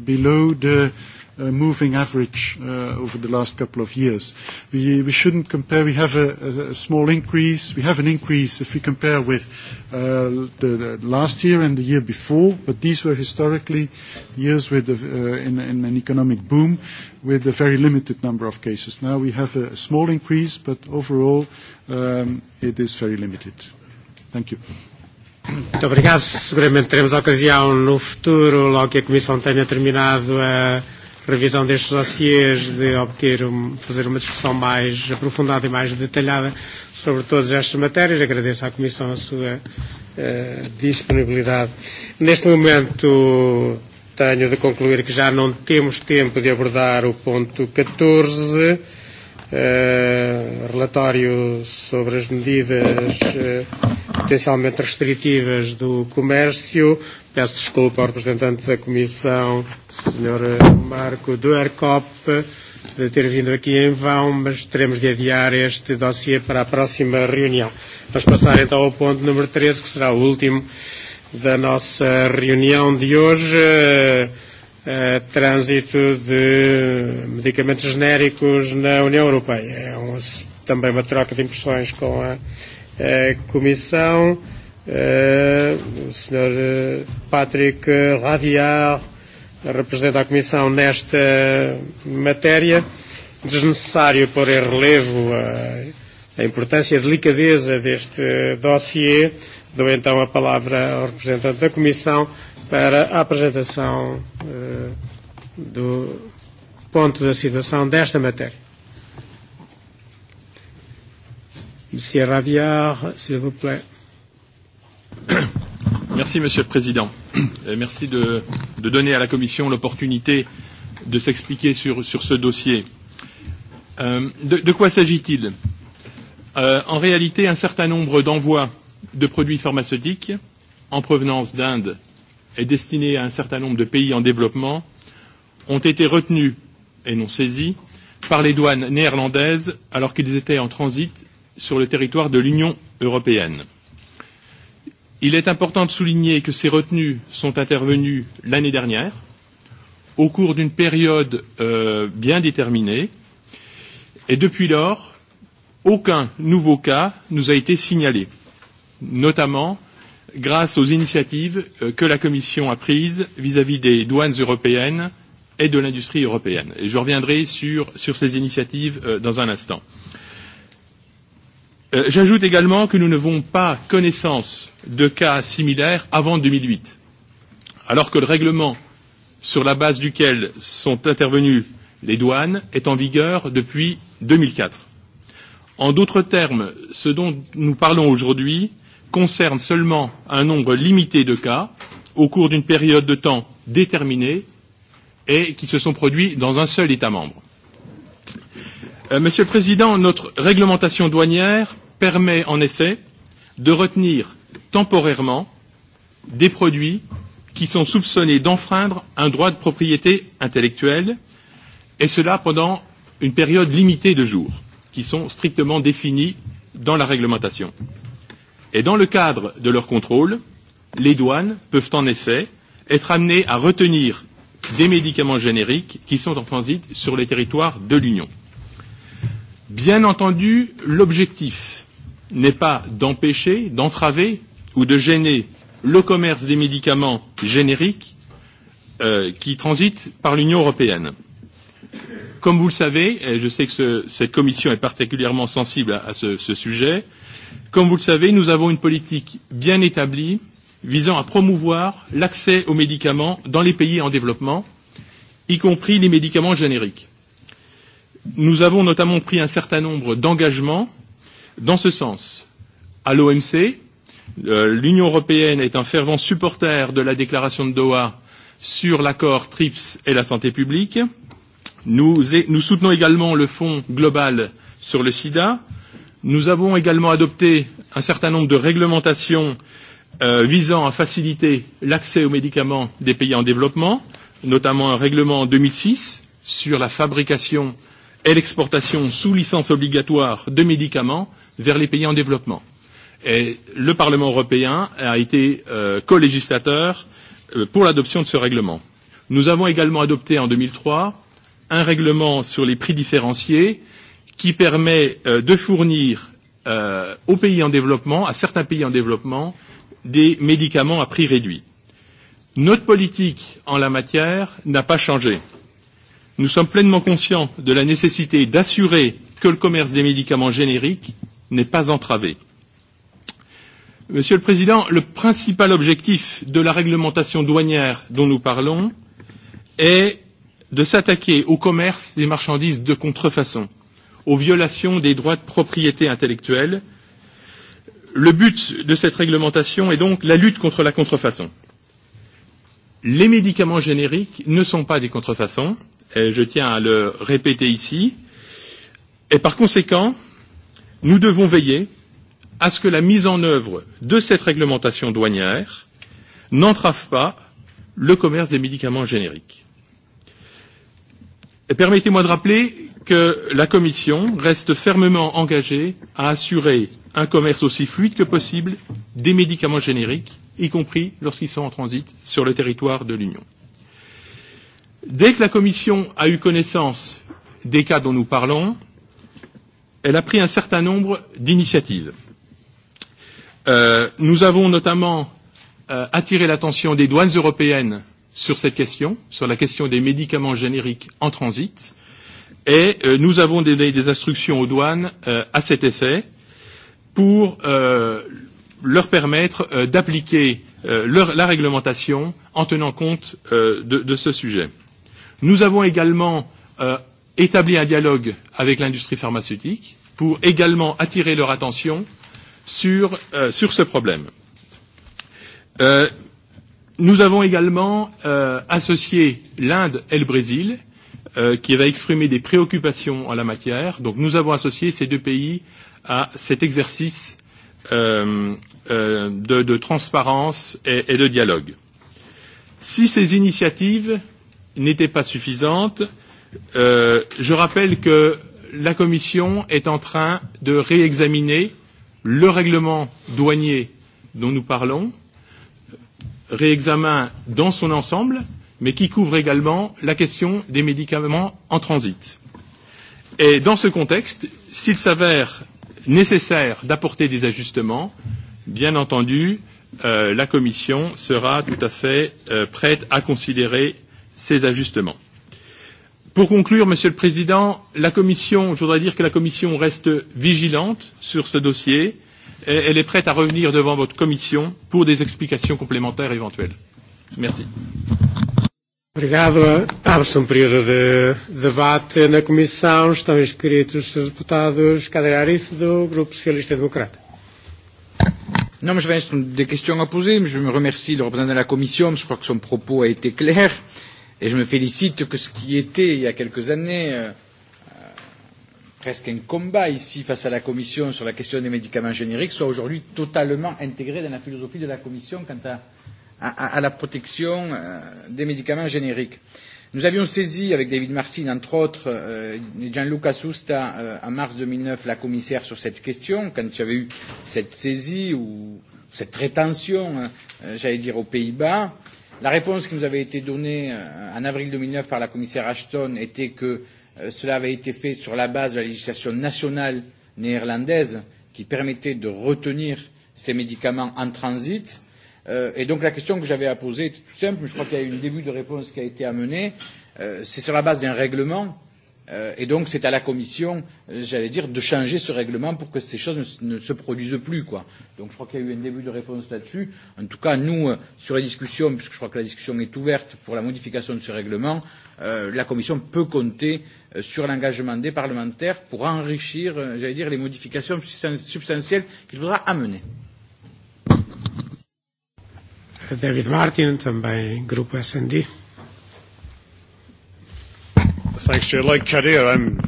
below the moving average over the last couple of years. We, shouldn't compare. We have a, small increase. We have an increase if we compare with the, last year and the year before, but these were historically years with in, in an economic boom with a very limited number of cases. Now we have a, small increase, but overall it is very limited. Thank you. Muito obrigado. Seguramente teremos a ocasião no futuro, logo que a Comissão tenha terminado a revisão destes dossiers, de obter um, fazer uma discussão mais aprofundada e mais detalhada sobre todas estas matérias. Agradeço à Comissão a sua uh, disponibilidade. Neste momento tenho de concluir que já não temos tempo de abordar o ponto 14, uh, relatório sobre as medidas. Uh, potencialmente restritivas do comércio. Peço desculpa ao representante da Comissão, Sr. Marco Duercop, de ter vindo aqui em vão, mas teremos de adiar este dossiê para a próxima reunião. Vamos passar então ao ponto número 13, que será o último da nossa reunião de hoje. Trânsito de medicamentos genéricos na União Europeia. É um, também uma troca de impressões com a A comissão, o Sr. Patrick Raviar representa a comissão nesta matéria. Desnecessário pôr em relevo a, a importância e a delicadeza deste dossiê. Dou então a palavra ao representante da comissão para a apresentação do ponto da situação desta matéria. Monsieur Raviard, s'il vous plaît. Merci, Monsieur le Président. Et merci de, de donner à la Commission l'opportunité de s'expliquer sur, sur ce dossier. Euh, de, de quoi s'agit-il euh, En réalité, un certain nombre d'envois de produits pharmaceutiques en provenance d'Inde et destinés à un certain nombre de pays en développement ont été retenus et non saisis par les douanes néerlandaises alors qu'ils étaient en transit sur le territoire de l'Union européenne. Il est important de souligner que ces retenues sont intervenues l'année dernière, au cours d'une période euh, bien déterminée, et depuis lors, aucun nouveau cas nous a été signalé, notamment grâce aux initiatives que la Commission a prises vis-à-vis des douanes européennes et de l'industrie européenne. Et je reviendrai sur, sur ces initiatives euh, dans un instant. Euh, J'ajoute également que nous n'avons pas connaissance de cas similaires avant 2008, alors que le règlement sur la base duquel sont intervenues les douanes est en vigueur depuis 2004. En d'autres termes, ce dont nous parlons aujourd'hui concerne seulement un nombre limité de cas au cours d'une période de temps déterminée et qui se sont produits dans un seul État membre. Monsieur le Président, notre réglementation douanière permet en effet de retenir temporairement des produits qui sont soupçonnés d'enfreindre un droit de propriété intellectuelle, et cela pendant une période limitée de jours, qui sont strictement définis dans la réglementation. Et dans le cadre de leur contrôle, les douanes peuvent en effet être amenées à retenir des médicaments génériques qui sont en transit sur les territoires de l'Union. Bien entendu, l'objectif n'est pas d'empêcher, d'entraver ou de gêner le commerce des médicaments génériques euh, qui transitent par l'Union européenne. Comme vous le savez, et je sais que ce, cette commission est particulièrement sensible à, à ce, ce sujet, comme vous le savez, nous avons une politique bien établie visant à promouvoir l'accès aux médicaments dans les pays en développement, y compris les médicaments génériques. Nous avons notamment pris un certain nombre d'engagements dans ce sens à l'OMC. L'Union européenne est un fervent supporter de la déclaration de Doha sur l'accord TRIPS et la santé publique. Nous, nous soutenons également le Fonds global sur le sida. Nous avons également adopté un certain nombre de réglementations euh, visant à faciliter l'accès aux médicaments des pays en développement, notamment un règlement en 2006 sur la fabrication euh, et l'exportation sous licence obligatoire de médicaments vers les pays en développement. Et le Parlement européen a été euh, co-législateur euh, pour l'adoption de ce règlement. Nous avons également adopté en 2003 un règlement sur les prix différenciés qui permet euh, de fournir euh, aux pays en développement, à certains pays en développement, des médicaments à prix réduit. Notre politique en la matière n'a pas changé. Nous sommes pleinement conscients de la nécessité d'assurer que le commerce des médicaments génériques n'est pas entravé. Monsieur le Président, le principal objectif de la réglementation douanière dont nous parlons est de s'attaquer au commerce des marchandises de contrefaçon, aux violations des droits de propriété intellectuelle. Le but de cette réglementation est donc la lutte contre la contrefaçon. Les médicaments génériques ne sont pas des contrefaçons, je tiens à le répéter ici. Et par conséquent, nous devons veiller à ce que la mise en œuvre de cette réglementation douanière n'entrave pas le commerce des médicaments génériques. Permettez-moi de rappeler que la Commission reste fermement engagée à assurer un commerce aussi fluide que possible des médicaments génériques, y compris lorsqu'ils sont en transit sur le territoire de l'Union. Dès que la Commission a eu connaissance des cas dont nous parlons, elle a pris un certain nombre d'initiatives. Euh, nous avons notamment euh, attiré l'attention des douanes européennes sur cette question, sur la question des médicaments génériques en transit, et euh, nous avons donné des instructions aux douanes euh, à cet effet pour euh, leur permettre euh, d'appliquer euh, la réglementation en tenant compte euh, de, de ce sujet. Nous avons également euh, établi un dialogue avec l'industrie pharmaceutique pour également attirer leur attention sur, euh, sur ce problème. Euh, nous avons également euh, associé l'Inde et le Brésil, euh, qui va exprimer des préoccupations en la matière. Donc nous avons associé ces deux pays à cet exercice euh, euh, de, de transparence et, et de dialogue. Si ces initiatives n'était pas suffisante. Euh, je rappelle que la Commission est en train de réexaminer le règlement douanier dont nous parlons, réexamen dans son ensemble, mais qui couvre également la question des médicaments en transit. Et dans ce contexte, s'il s'avère nécessaire d'apporter des ajustements, bien entendu, euh, la Commission sera tout à fait euh, prête à considérer ces ajustements. Pour conclure, Monsieur le Président, la Commission, je voudrais dire que la Commission reste vigilante sur ce dossier et elle est prête à revenir devant votre Commission pour des explications complémentaires éventuelles. Merci. Obrigado. Abre-se um período de debate na Comissão. Estão inscritos os deputados do Grupo Socialista e Democrata. des questions à poser. Je me remercie le représentant de la Commission. Je crois que son propos a été clair. Et je me félicite que ce qui était, il y a quelques années, presque un combat ici face à la Commission sur la question des médicaments génériques soit aujourd'hui totalement intégré dans la philosophie de la Commission quant à, à, à la protection des médicaments génériques. Nous avions saisi avec David Martin, entre autres, euh, Gianluca Susta euh, en mars 2009 la commissaire sur cette question, quand il y avait eu cette saisie ou cette rétention, euh, j'allais dire, aux Pays-Bas. Euh, La réponse qui nous avait été donnée en avril 2009 par la commissaire Ashton était que cela avait été fait sur la base de la législation nationale néerlandaise qui permettait de retenir ces médicaments en transit. et donc la question que j'avais à poser était tout simple, mais je crois qu'il y a eu un début de réponse qui a été amenée. c'est sur la base d'un règlement et donc c'est à la Commission, j'allais dire, de changer ce règlement pour que ces choses ne, se produisent plus. Quoi. Donc je crois qu'il y a eu un début de réponse là-dessus. En tout cas, nous, sur la discussion, puisque je crois que la discussion est ouverte pour la modification de ce règlement, la Commission peut compter sur l'engagement des parlementaires pour enrichir, j'allais dire, les modifications substantielles qu'il faudra amener. David Martin, SND. Thanks, Chair. Like Kadir, I'm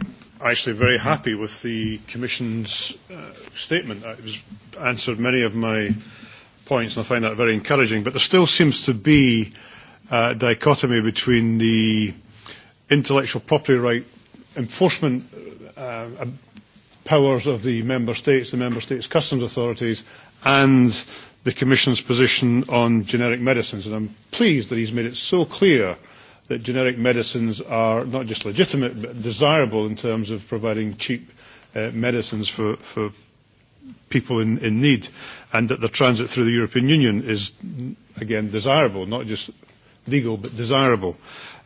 actually very happy with the Commission's uh, statement. It has answered many of my points, and I find that very encouraging. But there still seems to be a dichotomy between the intellectual property right enforcement uh, powers of the member states, the member states' customs authorities, and the Commission's position on generic medicines. And I'm pleased that he's made it so clear – that generic medicines are not just legitimate but desirable in terms of providing cheap uh, medicines for, for people in, in need, and that the transit through the European Union is, again, desirable, not just legal but desirable.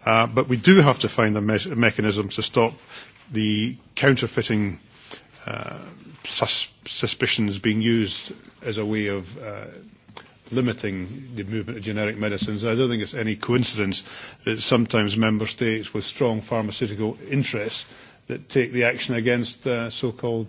Uh, but we do have to find a, me- a mechanism to stop the counterfeiting uh, sus- suspicions being used as a way of uh, limiting the movement of generic medicines. I don't think it's any coincidence that sometimes member states with strong pharmaceutical interests that take the action against uh, so-called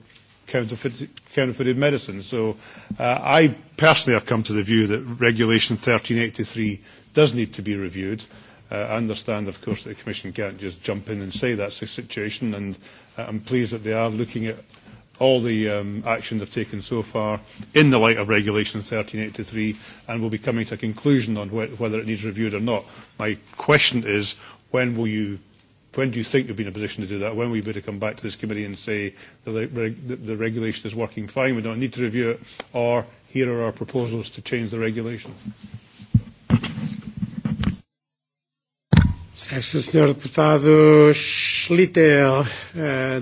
counterfeit, counterfeited medicines. So uh, I personally have come to the view that Regulation 1383 does need to be reviewed. Uh, I understand, of course, that the Commission can't just jump in and say that's the situation, and uh, I'm pleased that they are looking at all the um, actions I've taken so far in the light of Regulation 1383 and will be coming to a conclusion on wh- whether it needs reviewed or not. My question is, when will you when do you think you'll be in a position to do that? When will you be able to come back to this committee and say the, reg- the, the regulation is working fine, we don't need to review it, or here are our proposals to change the regulation? Deputado Schlitter,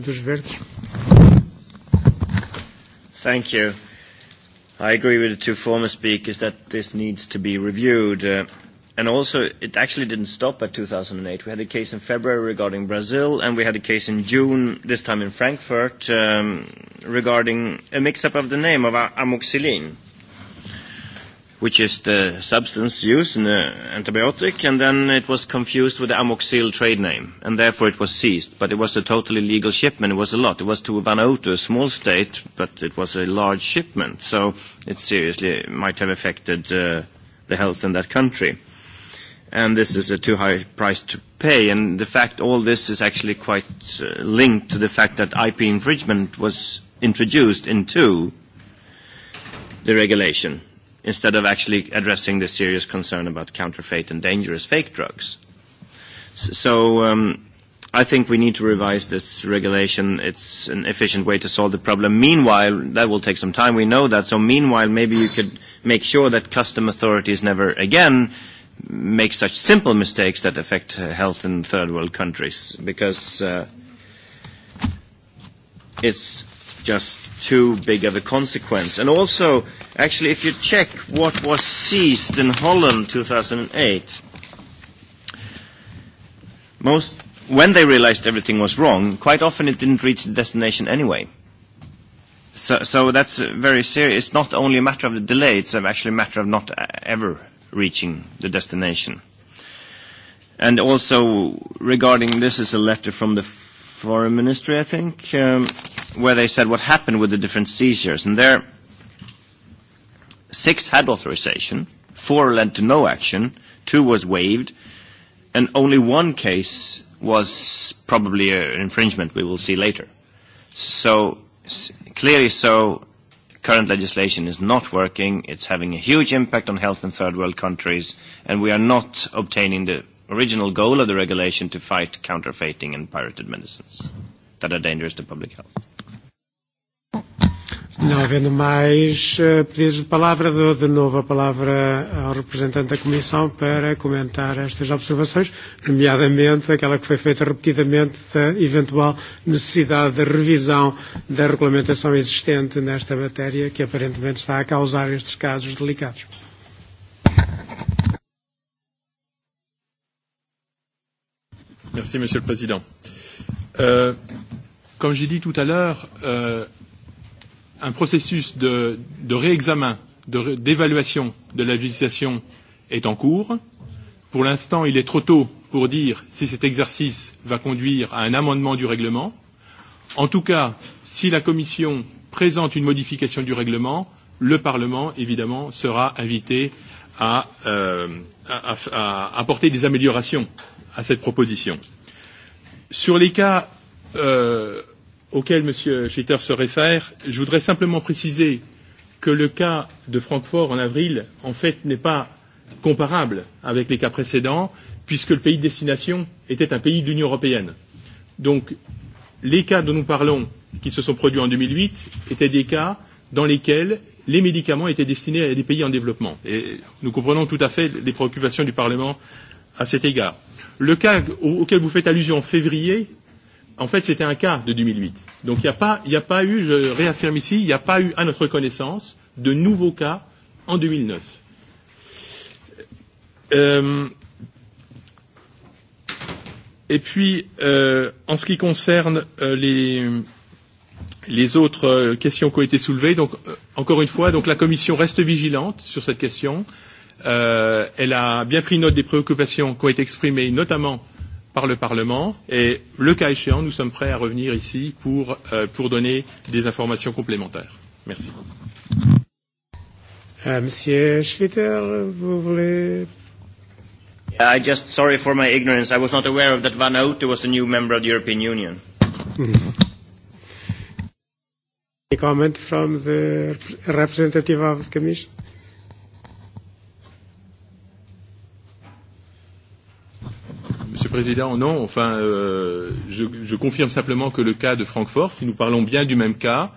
dos Verdes. Thank you. I agree with the two former speakers that this needs to be reviewed. Uh, and also, it actually didn't stop at 2008. We had a case in February regarding Brazil, and we had a case in June, this time in Frankfurt, um, regarding a mix-up of the name of amoxicillin which is the substance used in the antibiotic, and then it was confused with the amoxil trade name, and therefore it was seized. But it was a totally legal shipment. It was a lot. It was to Vanuatu, a small state, but it was a large shipment. So it seriously might have affected uh, the health in that country. And this is a too high price to pay. And the fact all this is actually quite uh, linked to the fact that IP infringement was introduced into the regulation instead of actually addressing the serious concern about counterfeit and dangerous fake drugs. So um, I think we need to revise this regulation. It's an efficient way to solve the problem. Meanwhile, that will take some time. We know that. So meanwhile, maybe you could make sure that custom authorities never again make such simple mistakes that affect health in third world countries because uh, it's just too big of a consequence. And also, actually, if you check what was seized in Holland 2008, most, when they realized everything was wrong, quite often it didn't reach the destination anyway. So, so that's very serious. It's not only a matter of the delay, it's actually a matter of not ever reaching the destination. And also regarding this is a letter from the foreign ministry, I think. Um, where they said what happened with the different seizures. And there, six had authorization, four led to no action, two was waived, and only one case was probably an infringement we will see later. So clearly so, current legislation is not working, it's having a huge impact on health in third world countries, and we are not obtaining the original goal of the regulation to fight counterfeiting and pirated medicines that are dangerous to public health. Não havendo mais pedidos de palavra, dou de novo a palavra ao representante da Comissão para comentar estas observações, nomeadamente aquela que foi feita repetidamente da eventual necessidade de revisão da regulamentação existente nesta matéria, que aparentemente está a causar estes casos delicados. Merci, Monsieur le Président. Euh, comme j'ai dit tout à l'heure, un processus de, de réexamen, d'évaluation de, de la législation est en cours. Pour l'instant, il est trop tôt pour dire si cet exercice va conduire à un amendement du règlement. En tout cas, si la Commission présente une modification du règlement, le Parlement, évidemment, sera invité à, euh, à, à apporter des améliorations à cette proposition. Sur les cas euh, auquel M. Schitter se réfère, je voudrais simplement préciser que le cas de Francfort en avril, en fait, n'est pas comparable avec les cas précédents, puisque le pays de destination était un pays de l'Union européenne. Donc, les cas dont nous parlons, qui se sont produits en 2008, étaient des cas dans lesquels les médicaments étaient destinés à des pays en développement. Et nous comprenons tout à fait les préoccupations du Parlement à cet égard. Le cas auquel vous faites allusion en février en fait, c'était un cas de 2008. Donc, il n'y a, il n'y a pas eu, je réaffirme ici, il n'y a pas eu, à notre connaissance, de nouveaux cas en 2009. Euh, et puis, euh, en ce qui concerne euh, les, les autres euh, questions qui ont été soulevées, donc, euh, encore une fois, donc, la Commission reste vigilante sur cette question. Euh, elle a bien pris note des préoccupations qui ont été exprimées, notamment euh, par le Parlement et, le cas échéant, nous sommes prêts à revenir ici pour, euh, pour donner des informations complémentaires. Merci. Uh, Monsieur Schlitter, vous voulez Yeah, I just sorry for my ignorance. I was not aware of that Van Oute was a new member of the European Union. Any comment from the representative of the Commission? Président. Non, enfin, euh, je, je confirme simplement que le cas de Francfort, si nous parlons bien du même cas,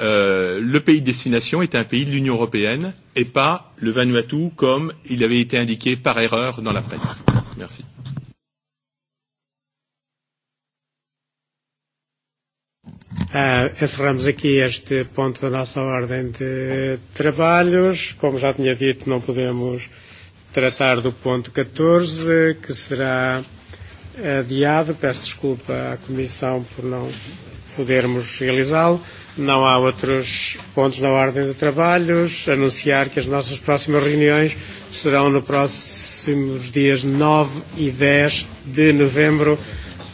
euh, le pays de destination est un pays de l'Union européenne et pas le Vanuatu comme il avait été indiqué par erreur dans la presse. Merci. Uh, encerramos aqui este ponto da nossa ordem de trabalhos. Como já tinha dito, não podemos tratar do ponto 14, que será adiado. Peço desculpa à Comissão por não podermos realizá-lo. Não há outros pontos na ordem de trabalhos. Anunciar que as nossas próximas reuniões serão nos próximos dias 9 e 10 de novembro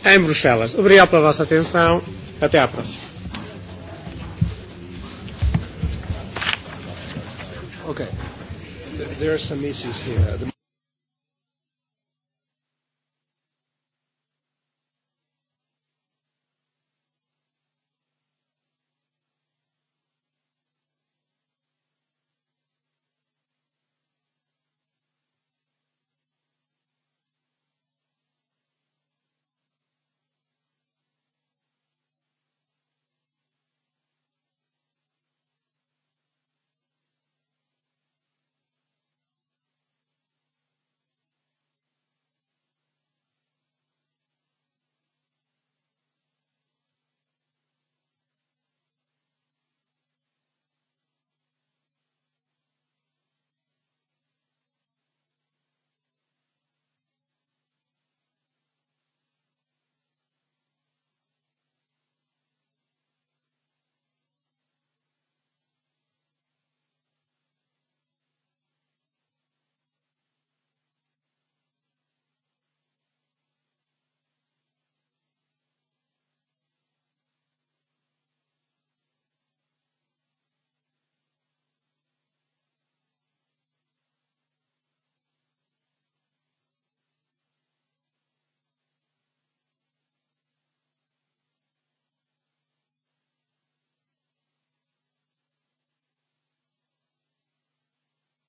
em Bruxelas. Obrigado pela vossa atenção. Até à próxima. Okay. There are some issues here.